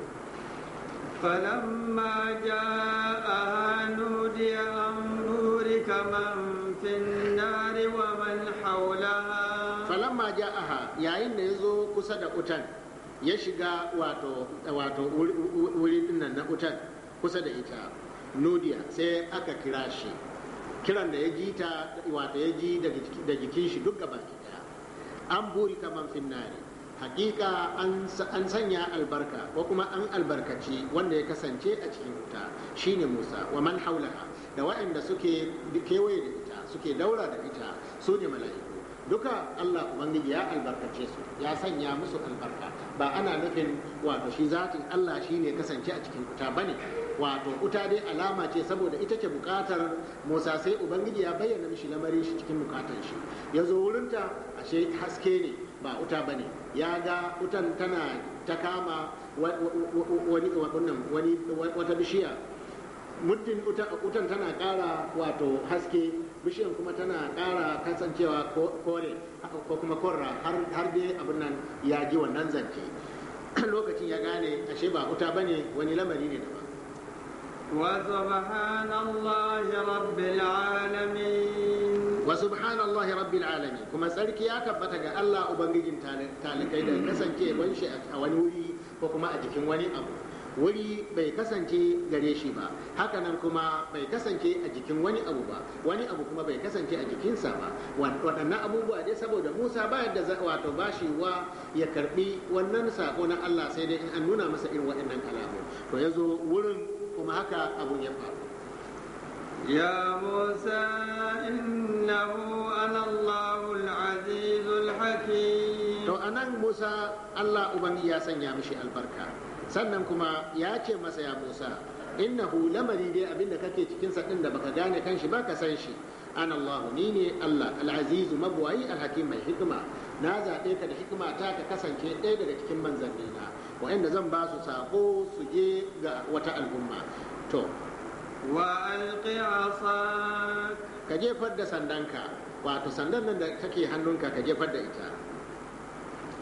Falan ma ja aha, Nudia, buri ka man fina dari aha, ya da ya zo kusa da utan ya shiga wato wurin na utan kusa da ita, nudiya sai aka kirashi. Kiran da ya ji da jikin shi duk abokina, an buri ka man hakika an sanya albarka ko kuma an albarkaci wanda ya kasance a cikin wuta shine musa wa man haulaha da waɗanda suke kewaye da ita suke daura da ita su ne mala'iku duka allah ubangiji ya albarkace su ya sanya musu albarka ba ana nufin wato shi zatin allah shine kasance a cikin wuta ne wato wuta dai alama ce saboda ita ce bukatar musa sai ubangiji ya bayyana mishi lamarin shi cikin bukatar shi ya zo wurinta ashe haske ne ba wuta ba ne ya ga wutan tana ta kama wani wata bishiya muddin wutan tana kara wato haske bishiyan kuma tana kara kasancewa kore ko kuma korra har dai abin nan ya ji wannan zance lokacin ya gane ashe ba wuta ba ne wani lamari ne daban وسبحان الله رب العالمين wa subhanallahi rabbil alamin kuma tsarki ya tabbata ga Allah ubangijin talikai da kasance ban shi a wani wuri ko kuma a jikin wani abu wuri bai kasance gare shi ba hakanan kuma bai kasance a jikin wani abu ba wani abu kuma bai kasance a jikinsa ba waɗannan abubuwa dai saboda musa ba yadda wato ba shi wa ya karbi wannan sako na allah sai dai in an nuna masa irin waɗannan kalamu to ya zo wurin kuma haka abun ya faru يا موسى إنه أنا الله العزيز الحكيم تو أنا موسى الله البركة sannan kuma ya ce masa ya musa inna hu lamari dai abinda kake cikin sa din da baka gane kanshi ba ka san shi an allahu ni ne allah al-aziz mabwayi mai hikima na zaɓe ka da hikima ta ka kasance ɗaya daga cikin manzanni na wa'anda zan ba su sako su je ga wata al'umma to wa alqi ka jefar da sandanka wato sandan nan da hannunka ka jefar da ita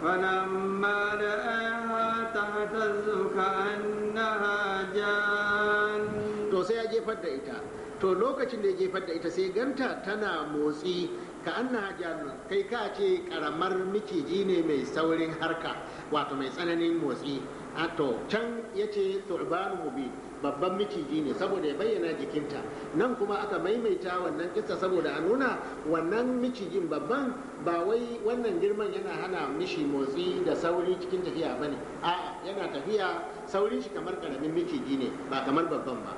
فلما رآها تهتز كأنها جان to ya da ita to lokacin da ya jefar da ita sai ganta tana motsi ka anna jan kai ka ce karamar miciji ne mai saurin harka wato mai tsananin motsi a to can yace turbanu mubi babban miciji ne saboda ya bayyana jikinta nan kuma aka maimaita wannan kisa saboda a nuna wannan micijin babban ba wai wannan girman yana hana mishi motsi da sauri cikin tafiya ba ne. a'a yana tafiya saurin shi kamar karamin miciji ne ba kamar babban ba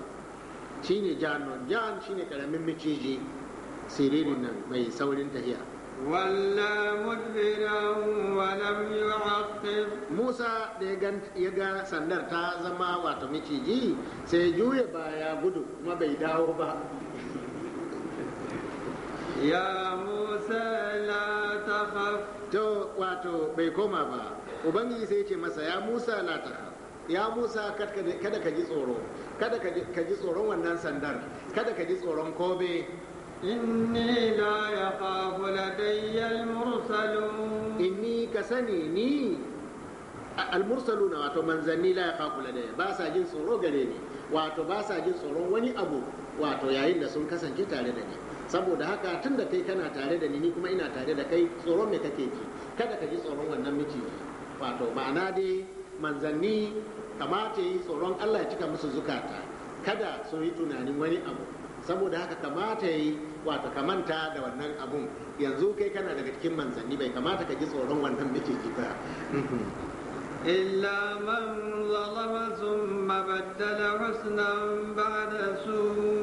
shine janon jan shine karamin miciji siririn nan mai saurin tafiya ولا مدبرا wa يعقب موسى Musa يغا ya ga sandar ta zama wato miciji sai juya baya gudu kuma bai dawo ba ya Musa la takhaf to wato bai koma ba ubangiji sai ya ce masa ya Musa ya musa kada ka ji tsoro kada ka ji tsoron wannan sandar kada ka ji tsoron kobe inni la yakhafu ladayya al-mursalun inni sani ni al na wato manzanni la yakhafu ladayya ba sa jin tsoro gare ni wato ba sa jin tsoron wani abu wato yayin da sun kasance tare da ni saboda haka tun da kai kana tare da ni ni kuma ina tare da kai tsoron me kake ji kada ka ji tsoron wannan miki wato ma'ana dai manzanni kamata yi tsoron Allah ya cika musu zukata kada sun yi tunanin wani abu saboda haka kamata yi wato ka manta da wannan abun yanzu kai kana daga cikin manzanni bai kamata ka ji tsoron wannan muke ji ba illa من ظلم wasu بدل ba da su.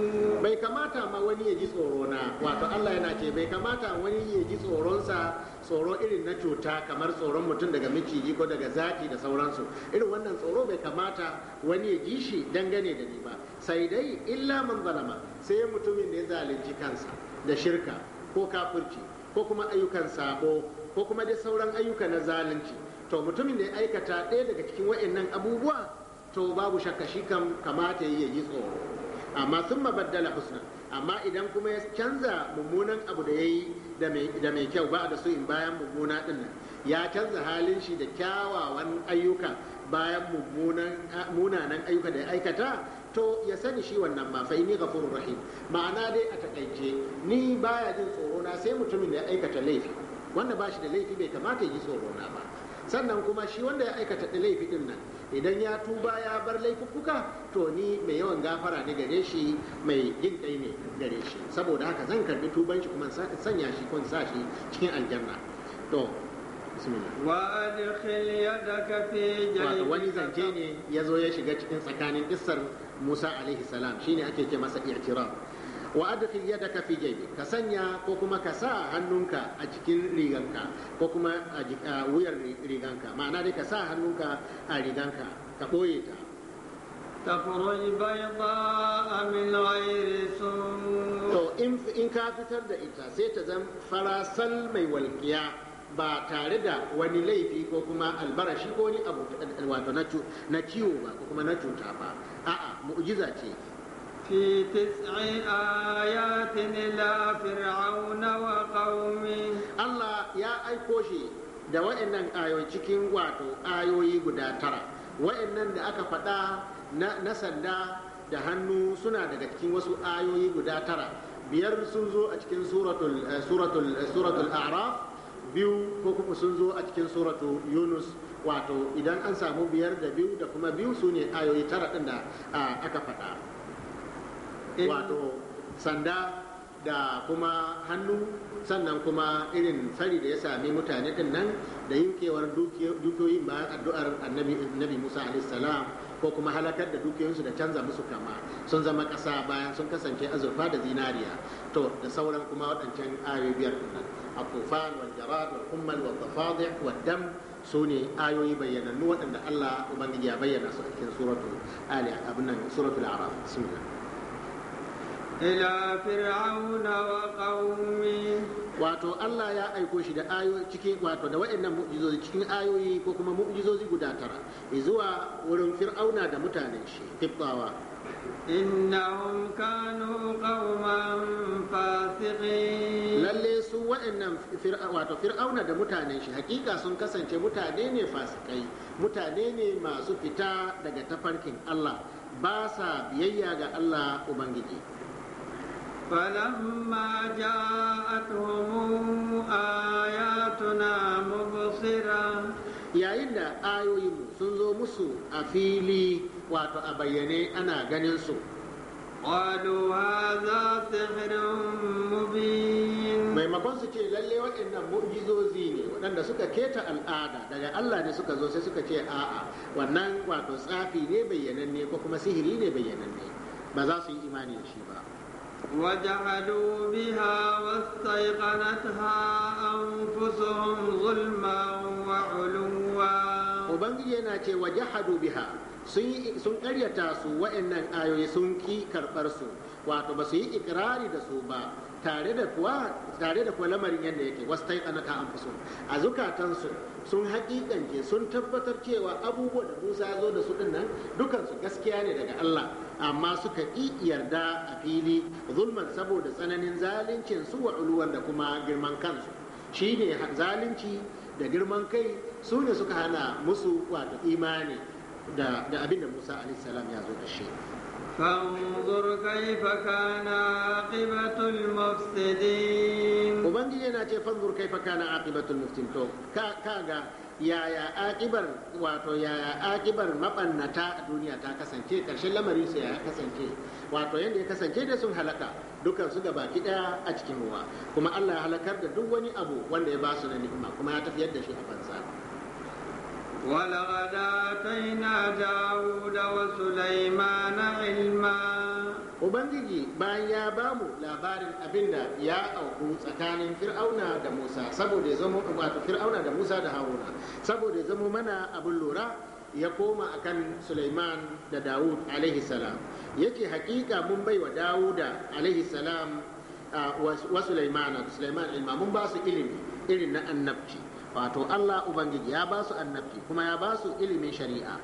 kamata ma wani ya ji tsoro na wato Allah yana ce bai kamata wani ya ji tsoronsa tsoro irin na cuta kamar tsoron mutum daga miciji ko daga zaki da sauransu irin wannan tsoro bai kamata wani ya ji shi dangane da ni ba sai dai illa man zalama sai mutumin da ya zalunci kansa da shirka ko kafirci ko kuma ayyukan sabo ko kuma dai sauran ayyuka na zalunci to mutumin da ya aikata ɗaya daga cikin wa'annan abubuwa to babu shakka shi kam kamata ya yi tsoro amma sun mabaddala husna amma idan kuma ya canza mummunan abu da ya yi da mai kyau ba da su in bayan mummuna din ya canza halin shi da kyawawan ayyuka bayan munanan ayyuka da ya aikata to ya sani shi wannan ma fa ni ghafurur rahim ma'ana dai a takaice ni baya jin tsoro na sai mutumin da ya aikata laifi wanda ba shi da laifi bai kamata ya yi tsoro na ba sannan kuma shi wanda ya aikata laifi din nan idan ya tuba ya bar laifuffuka to ni mai yawan gafara ne gare shi mai jin kai ne gare shi saboda haka zan karbi tuban shi kuma sanya shi kun sa shi cikin aljanna to wani zance ne ya zo ya shiga cikin tsakanin issar musa alaihi salam shine ake ce masa i'tiraf wa yadda ka fi jaybik ka sanya ko kuma ka sa hannunka a cikin riganka ko kuma a wuyar riganka ma'ana dai ka sa hannunka a riganka ka boye ta تخرج بيضاء من غير سوء to in ka fitar da ita sai ta zan farasal mai walƙiya ba tare da wani laifi ko kuma albarashi ko wani abu wato na ciwo ba ko kuma na cuta ba a'a mu'ujiza ce في تسع آيات إلى فرعون وقومه الله يا أيكوشي da wa'annan ayoyi cikin wato ayoyi guda tara wa'annan da aka faɗa na sanda da hannu suna daga cikin wasu ayoyi guda tara biyar sun zo a cikin suratul eh, eh, araf biyu ko kuma sun zo a cikin suratu yunus wato idan an samu biyar da biyu da kuma biyu su ne ayoyi tara ɗin da ah, aka faɗa Eh. wato sanda da kuma hannu sannan kuma irin fari da ya sami mutane din nan da yinkewar dukiyoyin bayan addu'ar annabi musa salam ko kuma halakar da dukiyoyinsu da canza musu kama sun zama ƙasa bayan sun kasance azurfa da zinariya to da sauran kuma waɗancan ayoyi biyar din nan wal jarad wal ummal wal tafadi wal dam su ne ayoyi bayyanannu waɗanda Allah ubangiji ya bayyana su a cikin suratul ali abin nan suratul araf bismillah ila fir'auna wa qaumi wato Allah ya aiko shi da ayoyi cikin wato da waɗannan mu'jizozi cikin ayoyi ko kuma mu'jizozi guda tara zuwa wurin fir'auna da mutanen shi tibbawa innahum kanu qauman fasiqin lalle su waɗannan wato fir'auna da mutanen shi hakika sun kasance mutane ne fasikai mutane ne masu fita daga tafarkin Allah ba sa biyayya ga Allah ubangiji فلما tuna آياتنا yayin da ayoyin sun zo musu a fili wato a bayyane ana ganin su qalu hadha sihrun mubin maimakon su ce lalle waɗannan mu'jizozi ne waɗanda suka keta al'ada daga Allah ne suka zo sai suka ce a'a wannan wato tsafi ne bayyananne ko kuma sihiri ne bayyananne ba za su yi imani da shi ba وجحدوا بها واستيقنتها أنفسهم ظلما وعلوا وبنجي يناتي وجحدوا بها sun karyata su wa'annan ayoyi sun ki karɓarsu, su wato ba su yi ikirari da su ba tare da kuwa tare da kuwa lamarin yadda yake wasu ta yi ƙanata an fuso a zukatansu sun haƙiƙance sun tabbatar cewa abubuwa da musa ya zo da su ɗin nan dukansu gaskiya ne daga allah amma suka ƙi yarda a fili zulman saboda tsananin zalincin su wa uluwan da kuma girman kansu shine zalunci da girman kai su ne suka hana musu wato imani da abin da musa alaihi ya zo da shi فانظر كيف كان عاقبة المفسدين وبنجي أنا فانظر كيف كان عاقبة المفسدين تو كا كا يا يا عاقبر واتو يا يا عاقبر مبنتا الدنيا تا كسانتي كرشن لمري سي يا كسانتي واتو يند يا كسانتي da sun halaka dukan su baki daya a cikin ruwa kuma Allah ya halakar da duk wani abu wanda ya ba su na ni'ima kuma ya tafiyar da shi a fansa ولقد آتينا داود وسليمان علما Ubangiji bayan ya ba mu labarin abinda ya auku tsakanin Fir'auna da Musa saboda ya zama wato Fir'auna da Musa da Haruna saboda ya zama mana abin lura ya koma akan Sulaiman da Dawud alaihi salam yake hakika mun baiwa Dawud alaihi salam wa Sulaiman da Sulaiman ilma mun ba su ilimi irin na annabci wato Allah ubangiji ya ba su annabci kuma ya ba su ilimin shari'a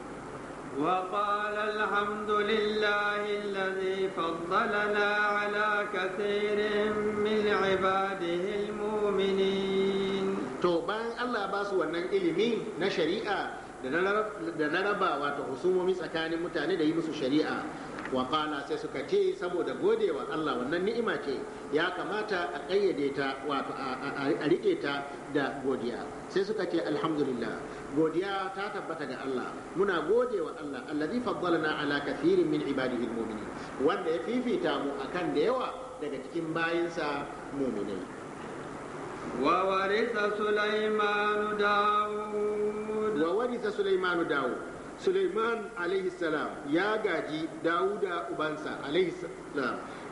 وقال الحمد لله الذي فضلنا على كثير من عباده المؤمنين to bayan Allah ba su wannan ilimi na shari'a da na raba wato husumomi tsakanin mutane da yi musu shari'a wa sai suka ce saboda godewa Allah wannan ni'ima ce ya kamata a kayyade ta wato a rike ta da godiya sai suka ce alhamdulillah godiya ta tabbata ga Allah muna godewa Allah allazi faddalana ala kathirin min ibadihi almu'mini wanda ya fifita mu akan da yawa daga cikin bayinsa mu'minai وورث سليمان داود وورث سليمان داود Suleiman alaihi ya gaji Dawuda ubansa alaihi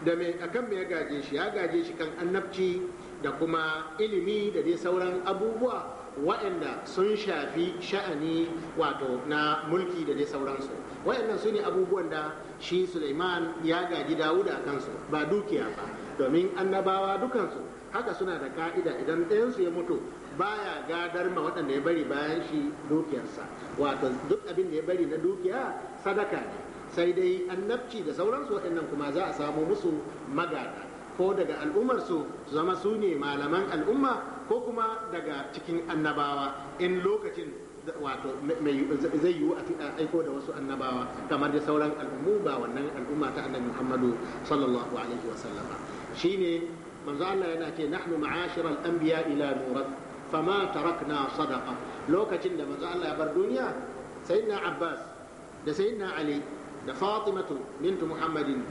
da mai akan mai ya gaje shi ya gaje shi kan annabci da kuma ilimi da dai sauran abubuwa waɗanda sun shafi sha'ani wato na mulki da dai sauransu waɗannan su ne abubuwan da shi suleiman ya gaji dawuda a kansu ba dukiya ba domin annabawa dukansu haka suna da ka'ida idan ɗayansu ya mutu baya gadar ma waɗanda ya bari bayan shi dukiyarsa wato duk abin da ya bari na dukiya sadaka ne sai dai annabci da sauransu waɗannan kuma za a samu musu magada ko daga al'ummarsu su zama su ne malaman al'umma ko kuma daga cikin annabawa in lokacin wato zai yiwu a aiko da wasu annabawa kamar da sauran al'ummu ba wannan al'umma ta annabi muhammadu sallallahu alaihi wasallama shine manzo Allah yana ce nahnu ma'ashiral anbiya ila nurat fama na sadaqa lokacin da manzo Allah ya bar duniya sayyidina Abbas da sayyidina Ali da Fatimatu bintu Muhammadin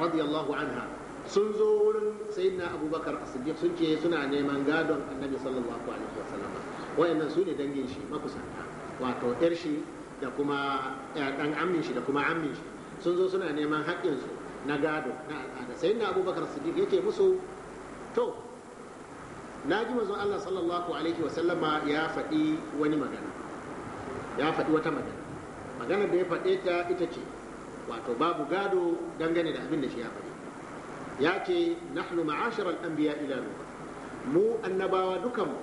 radiyallahu anha sun zo wurin sayyidina Abubakar As-Siddiq sun ce suna neman gadon Annabi sallallahu alaihi wasallam wayannan su ne dangin shi makusanta wato yar shi da kuma dan amin shi da kuma shi sun zo suna neman haƙƙinsu na gado na al'ada sayyidina Abubakar as yake musu to na ji mazan Allah sallallahu alaihi wasallama ya faɗi wani magana ya faɗi wata magana magana da ya faɗe ta ita ce wato babu gado dangane da abin da shi ya faɗi ya ce nahnu ma'ashar al'anbiya ila nuha mu annabawa dukan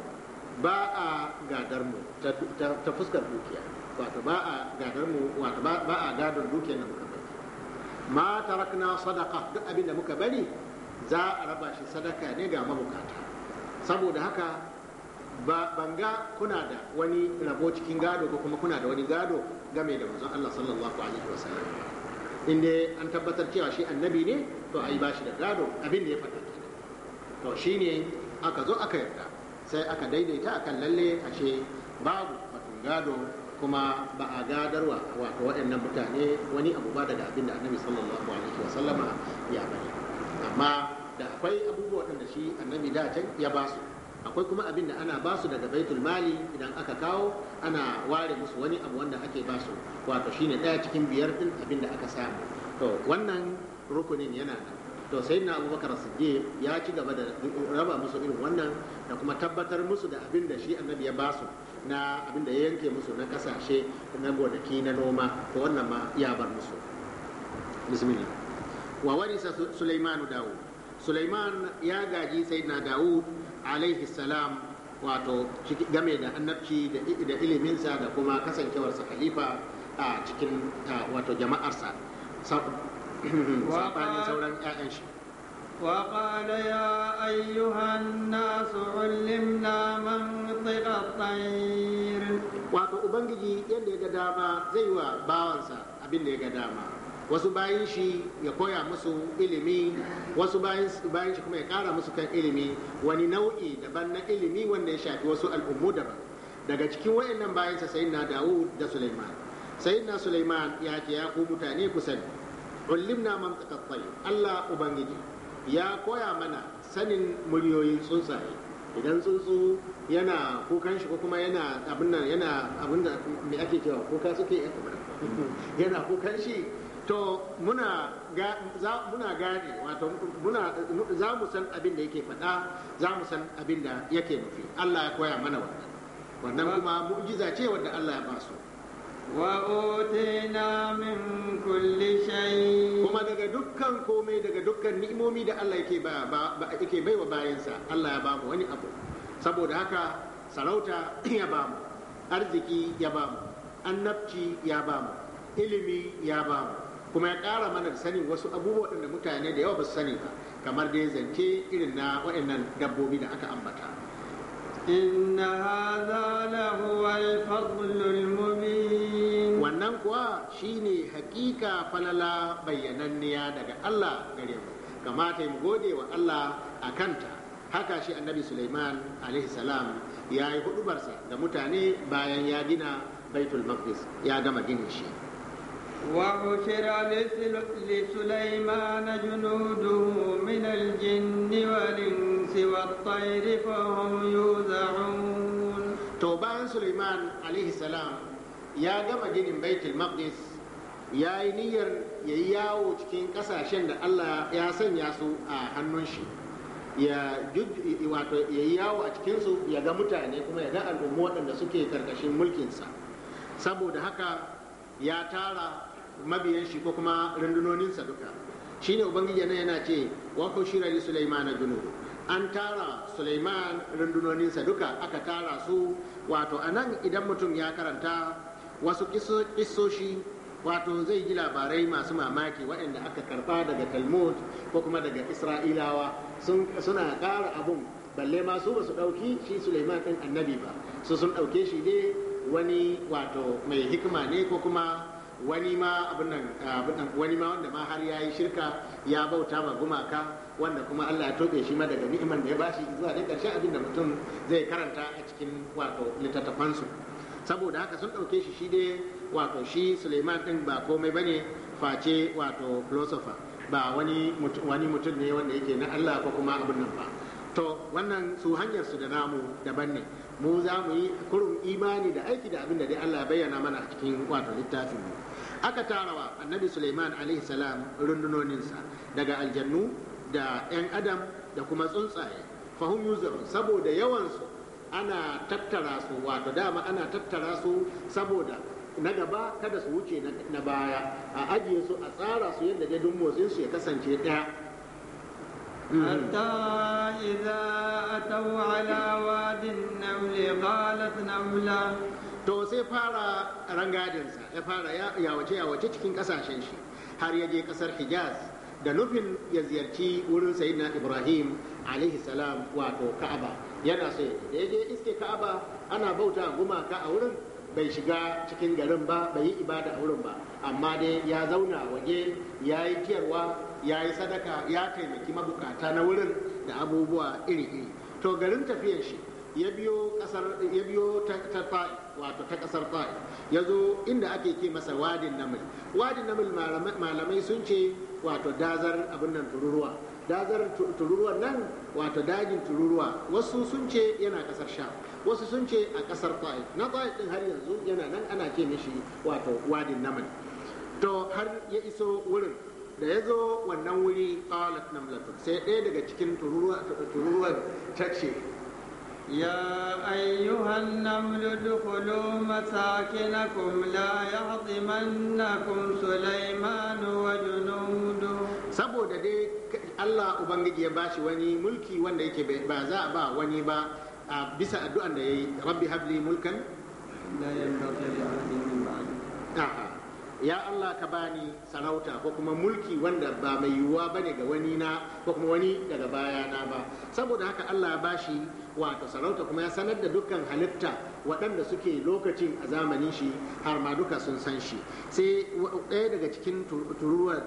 ba a gadar mu ta fuskar dukiya wato ba a gadar mu wato ba a gadar dukiyar da muka bari ma tarakna sadaka duk abin da muka bari za a raba shi sadaka ne ga mabukata saboda haka ba banga kuna da wani rabo cikin gado ko kuma kuna da wani gado game da manzon Allah sallallahu alaihi wasallam inda an tabbatar cewa shi annabi ne to ai bashi da gado abin da ya faɗa to shine aka zo aka yarda sai aka daidaita akan lalle ashe babu batun gado kuma ba a gadarwa wato waɗannan mutane wani abu ba daga abin da annabi sallallahu alaihi wasallama ya bari amma da akwai abubuwa da shi annabi da can ya ba su akwai kuma abin da ana ba su daga baitul mali idan aka kawo ana ware musu wani abu wanda ake ba su wato shine daya cikin biyar din abin da aka samu to wannan rukunin yana nan to sai na abubakar siddiq ya ci gaba da raba musu irin wannan da kuma tabbatar musu da abin da shi annabi ya ba su na abin da ya yanke musu na kasashe na gonaki na noma to wannan ma ya bar musu bismillah wa warisa sulaimanu dawo. suleiman ya gaji na Dawud alaihi salam wato game da annabci da iliminsa da kuma kasancewarsa khalifa a cikin wato jama'arsa sabanin sauran 'ya'yan shi وقال يا أيها الناس علمنا منطق الطير wato ubangiji yadda ya ga dama zai wa bawansa abin da ga dama wasu bayan shi ya koya musu ilimi wasu bayan shi kuma ya kara musu kan ilimi wani nau'i daban na ilimi wanda ya shafi wasu al'ummu daban daga cikin wayannan sa sayin na dawud da suleiman sai na suleiman ya ce ya ku mutane ku sani na mantakat allah ubangiji ya koya mana sanin muryoyin tsuntsaye idan tsuntsu yana kukan shi ko kuma yana abin abin da me ake cewa kuka suke yana kukan shi to muna gane wato muna za mu san abin da yake faɗa za mu san abin da yake nufi Allah ya koya mana wannan wannan kuma mu'jiza ce wanda Allah ya basu wa utina min kulli shay kuma daga dukkan komai daga dukkan ni'imomi da Allah yake ba yake baiwa bayansa Allah ya bamu wani abu saboda haka sarauta ya bamu arziki ya bamu annabci ya bamu ilimi ya bamu kuma ya ƙara mana da sanin wasu abubuwa da mutane da yawa ba su sani ba kamar dai zance irin na waɗannan dabbobi da aka ambata inna hadha al fadlul mubin wannan kuwa shine hakika falala bayyananniya daga Allah gare mu kamata mu gode wa Allah a kanta haka shi annabi Sulaiman alaihi salam ya yi hudubarsa da mutane bayan ya gina baitul maqdis ya gama ginin shi وحشر لسليمان جنوده من الجن والإنس والطير فهم يوزعون توبان سليمان عليه السلام يا جمع جن بيت المقدس ya yi niyyar ya yi yawo cikin kasashen da Allah ya sanya su a hannun shi ya wato ya yi yawo a cikinsu ya ga mutane kuma ya ga al'ummu waɗanda suke karkashin mulkinsa saboda haka ya tara mabiyan shi ko kuma rundunoninsa duka shine ubangiji nan yana ce wa fushira li sulaiman junub an tara sulaiman rundunoninsa duka aka tara su wato anan idan mutum ya karanta wasu kisoshi wato zai ji labarai masu mamaki waɗanda aka karba daga talmud ko kuma daga isra'ilawa suna ƙara abun balle ma su ba su ɗauki shi suleiman ɗin annabi ba su sun ɗauke shi dai wani wato mai hikima ne ko kuma wani ma wani ma wanda ma har ya yi shirka ya bauta ma gumaka wanda kuma Allah ya tobe shi ma daga ni'imar da ya bashi zuwa dai karshen abin da mutum zai karanta a cikin wato littattafansu saboda haka sun ɗauke shi shi dai wato shi Suleiman din ba komai bane face wato philosopher ba wani wani mutum ne wanda yake na Allah ko kuma abin nan ba to wannan su hanyar su da namu daban ne mu za mu yi kurun imani da aiki da abin da dai Allah ya bayyana mana a cikin wato littafin mu aka tarawa annabi suleiman alaihi salam rundunoninsa daga aljannu da 'yan adam da kuma tsuntsaye fahim yuzurun saboda yawansu ana tattara su wato dama ana tattara su saboda na gaba kada su wuce na baya a ajiye su a tsara su yadda dai motsin su ya kasance ɗaya حتى إذا أتوا على واد النمل قالت نملة to sai fara rangadinsa ya fara yawace yawace cikin kasashen shi har ya je kasar hijaz da nufin ya ziyarci wurin sayyidina ibrahim alaihi salam wato ka'aba yana so da ya je iske ka'aba ana bauta gumaka a wurin bai shiga cikin garin ba bai yi ibada a wurin ba amma dai ya zauna waje ya yi ciyarwa ya yi sadaka ya taimaki mabukata na wurin da abubuwa iri-iri to garin tafiyar shi ya biyo ya biyo ta fa'i wato ta kasar fa'i ya zo inda ake ke masa wadin namil wadin namil malamai sun ce wato dazar abin nan tururuwa dazar tururuwa nan wato dajin tururuwa wasu sun ce yana kasar sha wasu sun ce a kasar fa'i na fa'i din har yanzu yana nan ana ce mishi wato wadin namil to har ya iso wurin da ya zo wannan wuri qalat namlatun sai ɗaya daga cikin tururuwa ta ce يا أيها النمل ادخلوا مساكنكم لا يهضمنكم سليمان وجنوده saboda dai Allah Ubangiji ya bashi wani mulki wanda yake ba za a ba wani ba a bisa addu'an da ya yi rabbi habli mulkan la ya Allah ka bani sarauta ko kuma mulki wanda ba mai yiwuwa ba ne ga wani na ko kuma wani daga baya na ba saboda haka Allah ya bashi wato sarauta kuma ya sanar da dukkan halitta waɗanda suke lokacin a zamanin shi har ma duka sun san shi sai ɗaya daga cikin turuwa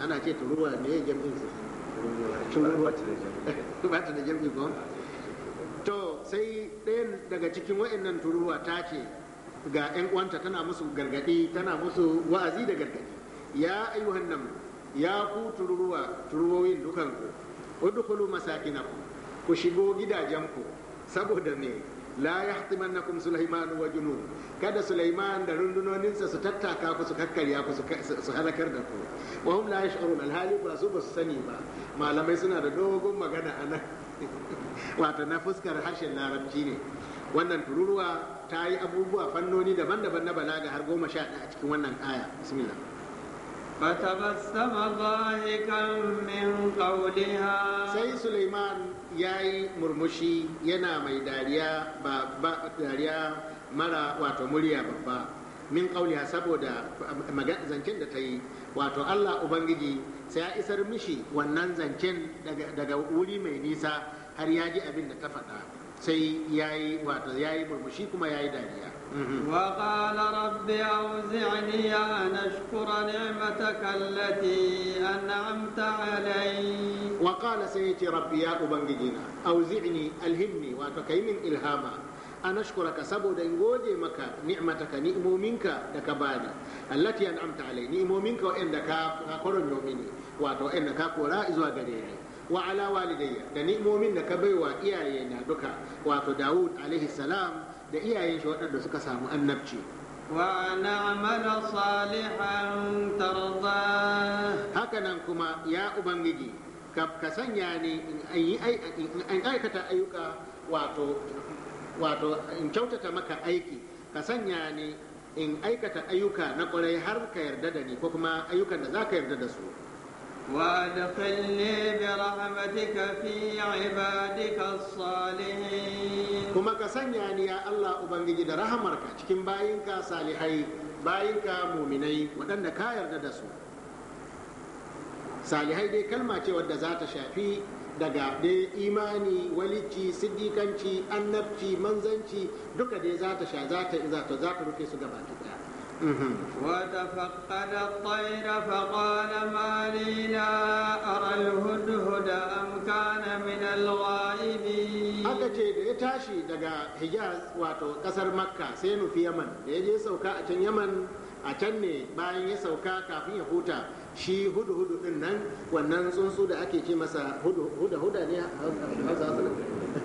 ana ce turuwa ne ya gemi to sai ɗaya daga cikin waɗannan turuwa ta ce ga 'yan uwanta tana musu gargadi tana musu wa'azi da gargadi ya ayyuhan nan ya ku tururuwa turuwoyin dukanku udkhulu masakinakum ku shigo gidajen ku. saboda me la yahtimannakum sulaiman wa junud kada sulaiman da rundunoninsa su tattaka ku su kakkarya ku su halakar da ku wa hum la yash'urun alhali ba su ba su sani ba malamai suna da dogon magana anan wato na fuskar harshen larabci ne wannan tururuwa ta yi abubuwa fannoni daban-daban na balaga har goma sha ɗaya a cikin wannan aya bismillah فتبسم ضاحكا من Sai Suleiman ya yayi murmushi yana mai dariya ba dariya mara wato murya babba min kauliya saboda zancen da ta yi wato Allah Ubangiji sai ya isar mishi wannan zancen daga wuri mai nisa har ya ji abin da ta faɗa سي ياي واتو ياي burbushi kuma yayi وقال رب أوزعني أن أشكر نعمتك التي أنعمت علي وقال سيتي ربي يا أبنجينا أوزعني ألهمني وأتكي من إلهاما أن أشكرك سبو دنجوجي مكا نعمتك نئمو منك دكباني التي أنعمت علي نئمو منك وإن دكا قرن يوميني وإن دكاك قراء زواجريني wa ala walidayya da ni'imomin da ka baiwa iyaye na duka wato Dawud alaihi salam da iyayen shi waɗanda suka samu annabci wa amala salihan tarda haka nan kuma ya ubangiji ka sanya ni in aikata ayyuka wato wato in kyautata maka aiki ka sanya ni in aikata ayyuka na kwarai har ka yarda da ni ko kuma ayyukan da za ka yarda da su وادخلني برحمتك في عبادك الصالحين كما كسنيا يا الله أبنجي رحمك cikin bayinka salihai bayinka muminai waɗanda ka yarda da su salihai dai kalma ce wadda za ta shafi daga dai imani walici siddikanci annabci manzanci duka dai za ta sha za ta rufe su gaba ɗaya وتفقد الطير فقال ما لي لا أرى الهدهد أم كان من الغائبين aka جيد يتاشي ya حجاز واتو قصر مكة kasar في يمن يجي Yaman da يمن je sauka a can Yaman shi hudu-hudu din nan wannan tsuntsu da ake ce masa hudu huda-huda ne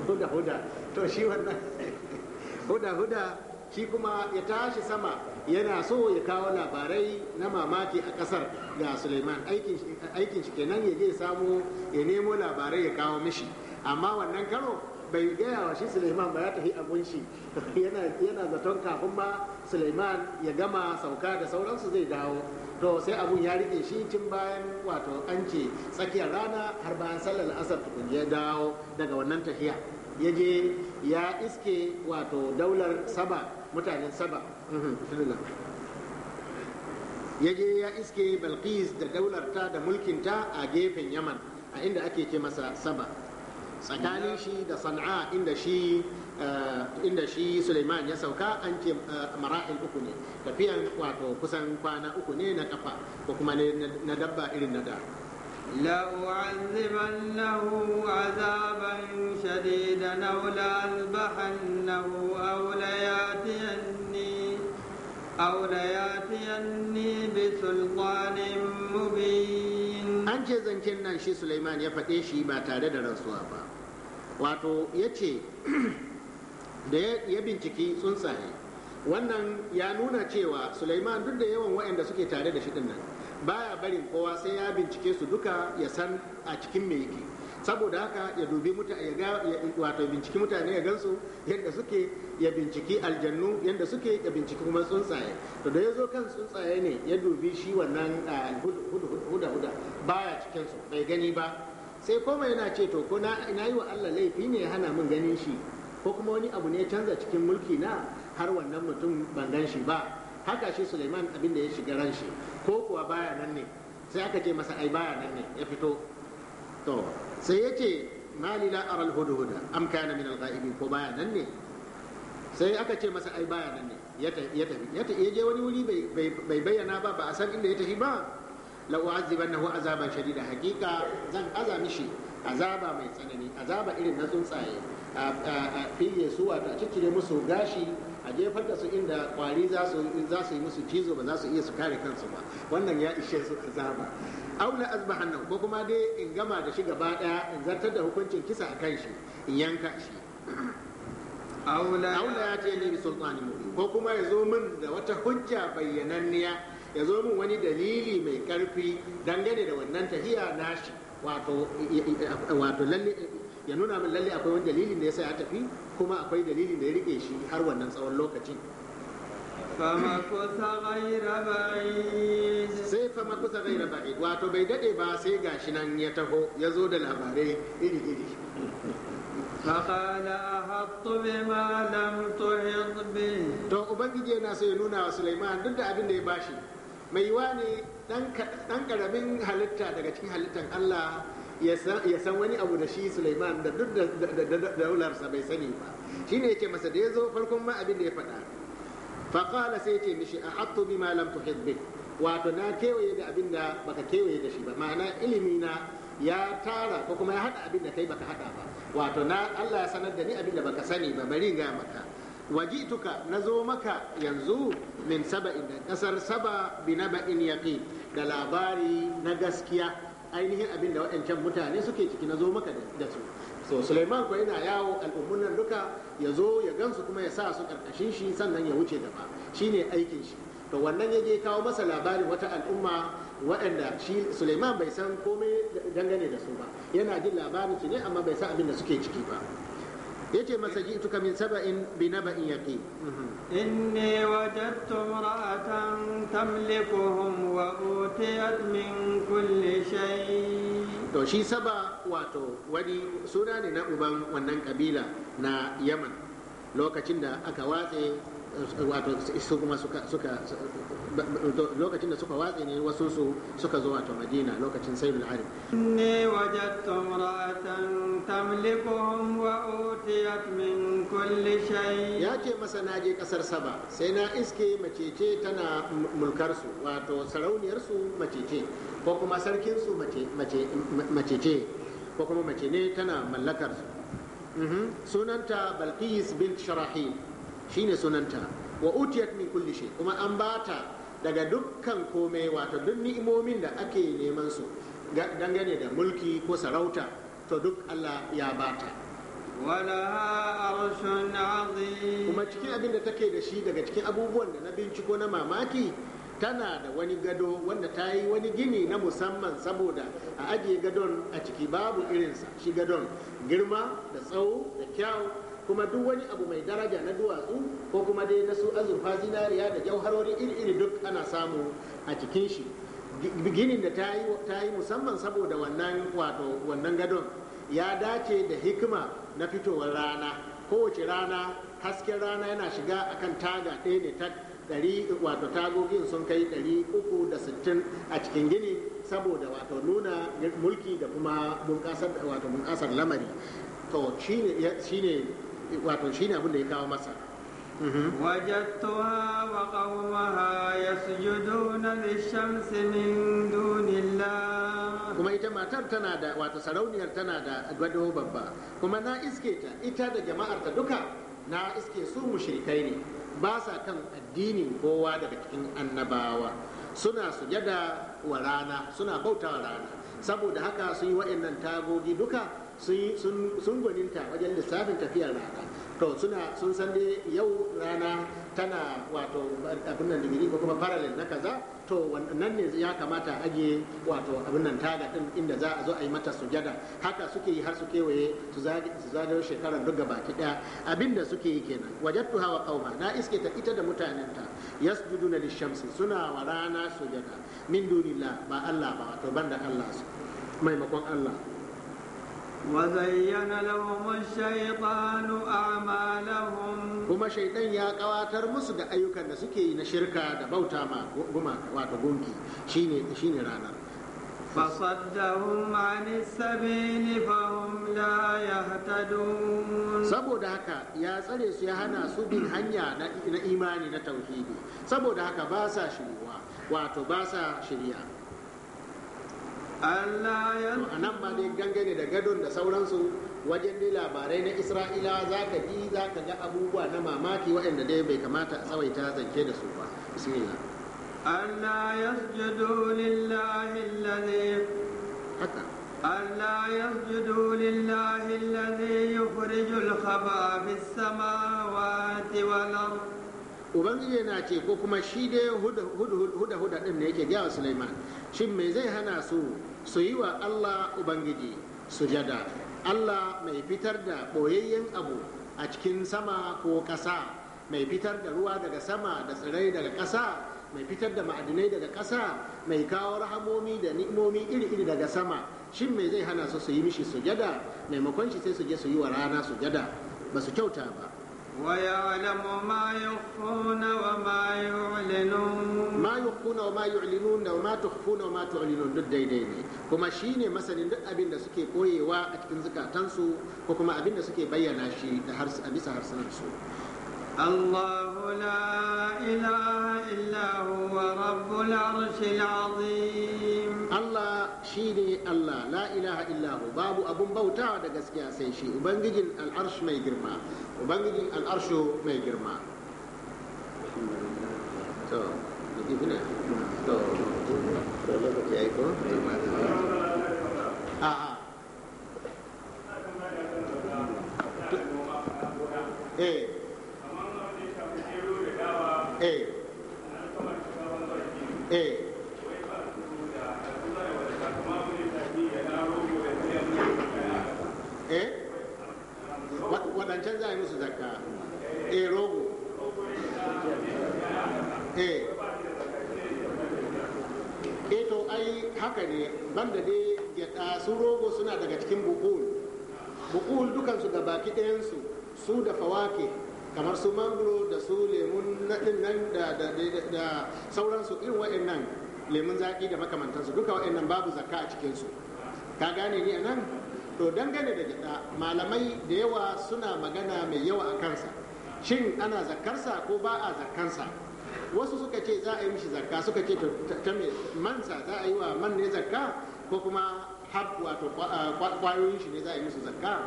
huda-huda to shi wannan huda-huda shi kuma ya tashi sama yana so ya kawo labarai na mamaki a kasar ga suleiman aikin shi kenan ya je samu ya nemo labarai ya kawo mishi amma wannan karo bai gaya wa shi suleiman ba ya tafi abun shi yana zaton kafin ma suleiman ya gama sauka da sauransu zai dawo to sai abun ya rike shi tun bayan wato an ce tsakiyar rana har bayan sallar asar tukun ya dawo daga wannan tafiya ya je ya iske wato daular saba mutanen saba ya je ya iske balqis da daularta da mulkinta a gefen yaman a inda ake ce masa saba tsakanin shi da sana'a inda shi eh, inda shi suleiman ya sauka an ce eh, mara'il uku ne tafiyan wato kusan kwana uku ne na kafa ko kuma ne na dabba irin na da لأعذبنه عذابا شديدا أو لأذبحنه أو ليأتيني أو لياتيني بسلطان مبين أنت زن كنا شي سليمان يفتح شي ما tare da rantsuwa ba wato ده da ya binciki tsuntsaye wannan ya nuna cewa Suleiman duk da yawan waɗanda suke tare da shi dinnan, nan baya barin kowa sai ya bincike su duka ya san a cikin me yake saboda haka ya dubi mutane ya wato binciki mutane ya gansu yadda suke ya binciki aljannu yadda suke ya binciki kuma tsuntsaye to da ya zo kan tsuntsaye ne ya dubi shi wannan huda huda baya cikin su bai gani ba sai koma yana ce to ko na yi wa Allah laifi ne ya hana min ganin shi ko kuma wani abu ne ya canza cikin mulki na har wannan mutum ban gan shi ba haka shi Suleiman abin da ya shiga ran shi ko kuwa baya nan ne sai aka ce masa ai baya nan ne ya fito to sai ya ce mali la aral hudhuda am kana min al-ghaibin ko baya nan ne sai aka ce masa ai baya nan ne ya tafi ya tafi ya je wani wuri bai bayyana ba ba a san inda ya tafi ba la u'azibannahu azaban shadida hakika zan azami shi azaba mai tsanani azaba irin na tsuntsaye a fiye su wato a cikire musu gashi a jefar da su inda kwari za su yi musu cizo ba za su iya su kare kansu ba wannan ya ishe su azaba aula nan ko kuma dai in gama da shi gaba daya in zartar da hukuncin kisa a kan shi in yanka shi aula ya ce ne bi sultani mu. ko kuma ya zo min da wata hujja bayyananniya ya zo min wani dalili mai karfi dangane da wannan tahiya nashi wato wato lalle ya nuna min lalle akwai wani dalilin da ya sa ya tafi kuma akwai dalilin da ya rike shi har wannan tsawon lokacin فمكث غير بعيد sai fa makusa gaira ba'i wato bai dade ba sai gashi nan ya taho ya zo da labarai iri iri فقال أحط بما لم تحط به to ubangiji yana so ya nuna wa Sulaiman duk da abin da ya bashi mai yiwa ne dan karamin halitta daga cikin halittan Allah ya san wani abu da shi Sulaiman da duk da daularsa bai sani ba Shi ne ya ce masa da ya zo farkon ma abin da ya faɗa faƙala sai ce mishi a hattu bi ma lam bi wato na kewaye da abin da baka kewaye da shi ba ma'ana ilimi na ya tara ko kuma ya haɗa abin da kai baka hada ba wato na Allah ya sanar da ni abin da baka sani ba bari ga maka wajituka na zo maka yanzu min saba'in da kasar saba bi in yaqi da labari na gaskiya ainihin abin da waɗancan mutane suke ciki na zo maka da su so suleiman ko yana yawo al'ummun nan duka ya zo ya gansu kuma ya sa su karkashin shi sannan ya wuce gaba shine aikin shi to wannan ya je kawo masa labarin wata al'umma waɗanda shi suleiman bai san komai dangane da su ba yana jin labarin su ne amma bai san abin da suke ciki ba yace masa tuka min saba'in bi naba'in yaqin mm-hmm. inni wajadtu imra'atan tamlikuhum wa utiyat min kulli shay to shi saba wato wani suna ne na uban wannan kabila na yaman lokacin da aka watse wato su kuma suka lokacin da suka watse ne wasu su suka zo wato madina lokacin sayyidul arif inni wajadtu imra'atan tamlikuhum wa utiyat min kulli shay ya ce masa na je kasar saba sai na iske macece tana mulkar su wato sarauniyar su macece ko kuma sarkin su macece ko kuma mace ne tana mallakar su mhm. sunanta balqis bint sharahil shine sunanta wa utiyat min kulli shay kuma an bata daga dukkan komai wato duk ni'imomin da ake neman su dangane da mulki ko sarauta to duk Allah ya bata kuma cikin abin da take da shi daga cikin abubuwan da na binciko na mamaki tana da wani gado wanda ta yi wani gini na musamman saboda a ajiye gadon a ciki babu irinsa shi gadon girma da tsawo da kyau kuma duk wani abu mai daraja na duwatsu ko kuma dai na su azurfa zinariya da jauharori iri-iri duk ana samu a cikin shi ginin da ta yi musamman saboda wannan wato wannan gadon ya dace da hikima na fitowar rana kowace rana hasken rana yana shiga akan taga ɗaya ne ta ɗari wato tagogin sun kai ɗari uku da sittin a cikin gini saboda wato nuna mulki da kuma bunƙasar wato bunƙasar lamari to shine wato shine abin da ya kawo masa وجدتها mhm. وقومها kuma ita matar tana da wata sarauniyar tana da gado babba kuma na iske ta ita da jama'ar ta duka na iske su mushrikai ne ba sa kan addinin kowa daga cikin annabawa suna sujada wa rana suna bauta wa rana saboda haka su yi wa'annan tagogi duka sun gwaninta wajen lissafin tafiyar rana to suna sun san dai yau rana tana wato abin nan digiri ko kuma parallel na kaza to wannan ne ya kamata a ajiye wato abin nan taga din inda za a zo a yi mata sujada haka suke yi har su kewaye su zagayo shekarar duk baki daya abin da suke yi kenan wajattu hawa qauma na iske ta ita da mutanen ta mutanenta yasjuduna lishamsi suna wa rana sujada min dunillah ba Allah ba wato banda Allah su maimakon Allah kuma shaitan ya ƙawatar musu da ayyukan da suke yi na shirka da bauta ma guma wata gunki shi ne ranar saboda haka ya tsare su ya hana su bin hanya na imani na tauhidi saboda haka ba sa shirwa wato ba sa shirya Allah a nan ba dai ne da gadon da sauransu wajen dai labarai na Isra'ila za ka ji za ka ga abubuwa na mamaki waɗanda dai bai kamata a tsawaita zance da su ba bismillah Allah jido lillahi lalle. haka Allah yasjudu lillahi alladhi yukhrijul khaba'a ubangiji yana ce ko kuma shi dai huda huda din ne yake gaya wa suleiman shin me zai hana su su yi wa Allah ubangiji sujada Allah mai fitar da boyayyen abu a cikin sama ko ƙasa mai fitar da ruwa daga sama da tsirai daga ƙasa mai fitar da ma'adinai daga ƙasa mai kawo rahamomi da ni'imomi iri-iri daga sama shin me zai hana su su yi mishi sujada maimakon shi sai su je su yi wa rana sujada ba su kyauta ba ويعلم ما يخفون وما يعلنون ما يخفون وما يعلنون وما تخفون وما تعلنون duk daidai ne kuma shi ne masanin duk abin da suke koyewa a cikin zukatansu ko kuma abin da suke bayyana shi a bisa su. الله لا إله إلا هو رب العرش العظيم الله شيني الله لا إله إلا هو باب أبو بوتا دقسكي أسيشي وبنجي العرش ما يجرما وبنجي العرش ما يجرما تو نجيبنا تو آه إيه eh eh waɗancan za a yi musu zakka eh rogo eh to ai haka ne banda dai gyaɗa su rogo suna daga cikin bukul bukul dukansu ga baki ɗayansu su da fawake kamar su mangoro da su lemun naɗin nan da sauransu irin waɗannan lemun zaƙi da makamantansu duka nan babu zakka a cikinsu ka gane ni a nan to dangane da gida malamai da yawa suna magana mai yawa a kansa shin ana zakkarsa ko ba a zakkansa wasu suka ce za a yi mishi zakka suka ce ta mai mansa za a yi wa man ne zakka ko kuma har wato kwayoyin shi ne za a yi musu zakka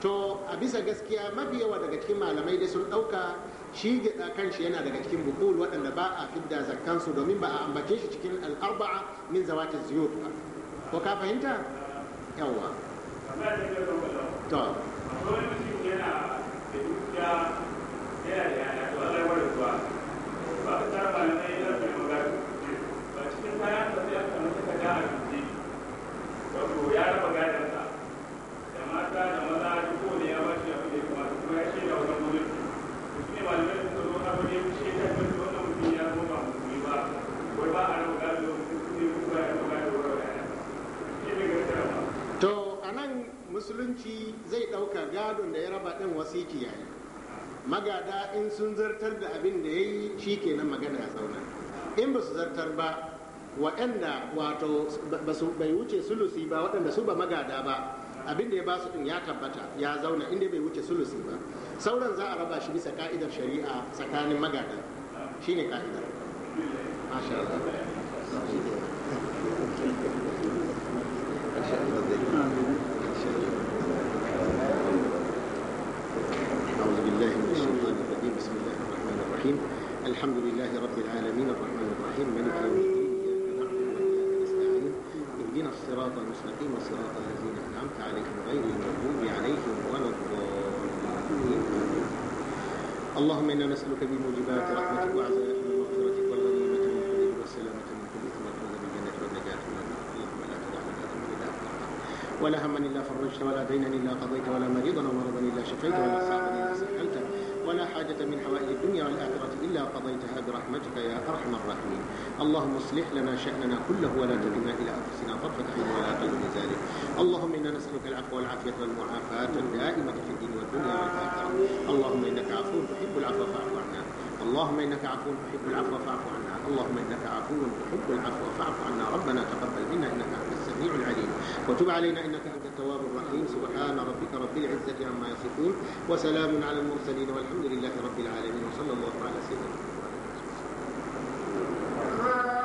to a bisa gaskiya mafi yawa daga cikin malamai dai sun ɗauka shi gida kanshi yana daga cikin bukul waɗanda ba a fidda zakkansu domin ba a ambace shi cikin al'arba'a min zawati ziyut ba ko ka fahimta yawa to ya da musulunci zai ɗauka gadon da ya raba ɗin wasiki yayi magada in sun zartar da abin da ya yi shi kenan magana ya zauna in ba su zartar ba waɗanda wato ba su bai wuce sulusi ba waɗanda su ba magada ba abin da ya ba su ɗin ya tabbata ya zauna inda bai wuce sulusi ba sauran za a raba shi bisa ka'idar shari'a tsakanin magada shi ne ka'idar Allah الحمد لله رب العالمين الرحمن الرحيم ملك يوم الدين إياك نعبد وإياك نستعين اهدنا الصراط المستقيم صراط الذين أنعمت عليهم غير المغضوب عليهم ولا الضالين اللهم إنا نسألك بموجبات رحمتك وعزائك من مغفرتك والغنيمة من كل والسلامة من كل إثم والفوز بالجنة والنجاة من النار اللهم لا تدع لنا ذنبا إلا ولا هما إلا فرجت ولا دينا إلا قضيت ولا مريضا مرضا إلا شفيت ولا صعبا إلا سهلته ولا حاجة من حوائج الدنيا والآخرة إلا قضيتها برحمتك يا أرحم الراحمين اللهم اصلح لنا شأننا كله ولا تكلنا إلى أنفسنا طرفة عين ولا أقل من ذلك اللهم إنا نسألك العفو والعافية والمعافاة الدائمة في الدين والدنيا والآخرة اللهم إنك عفو تحب العفو فاعف عنا اللهم إنك عفو تحب العفو فاعف عنا اللهم إنك عفو تحب العفو فاعف عنا ربنا تقبل منا إنك أنت السميع العليم وتب علينا إنك التواب الرحيم سبحان ربك رب العزة عما يصفون وسلام على المرسلين والحمد لله رب العالمين وصلى الله على سيدنا محمد وعلى آله وصحبه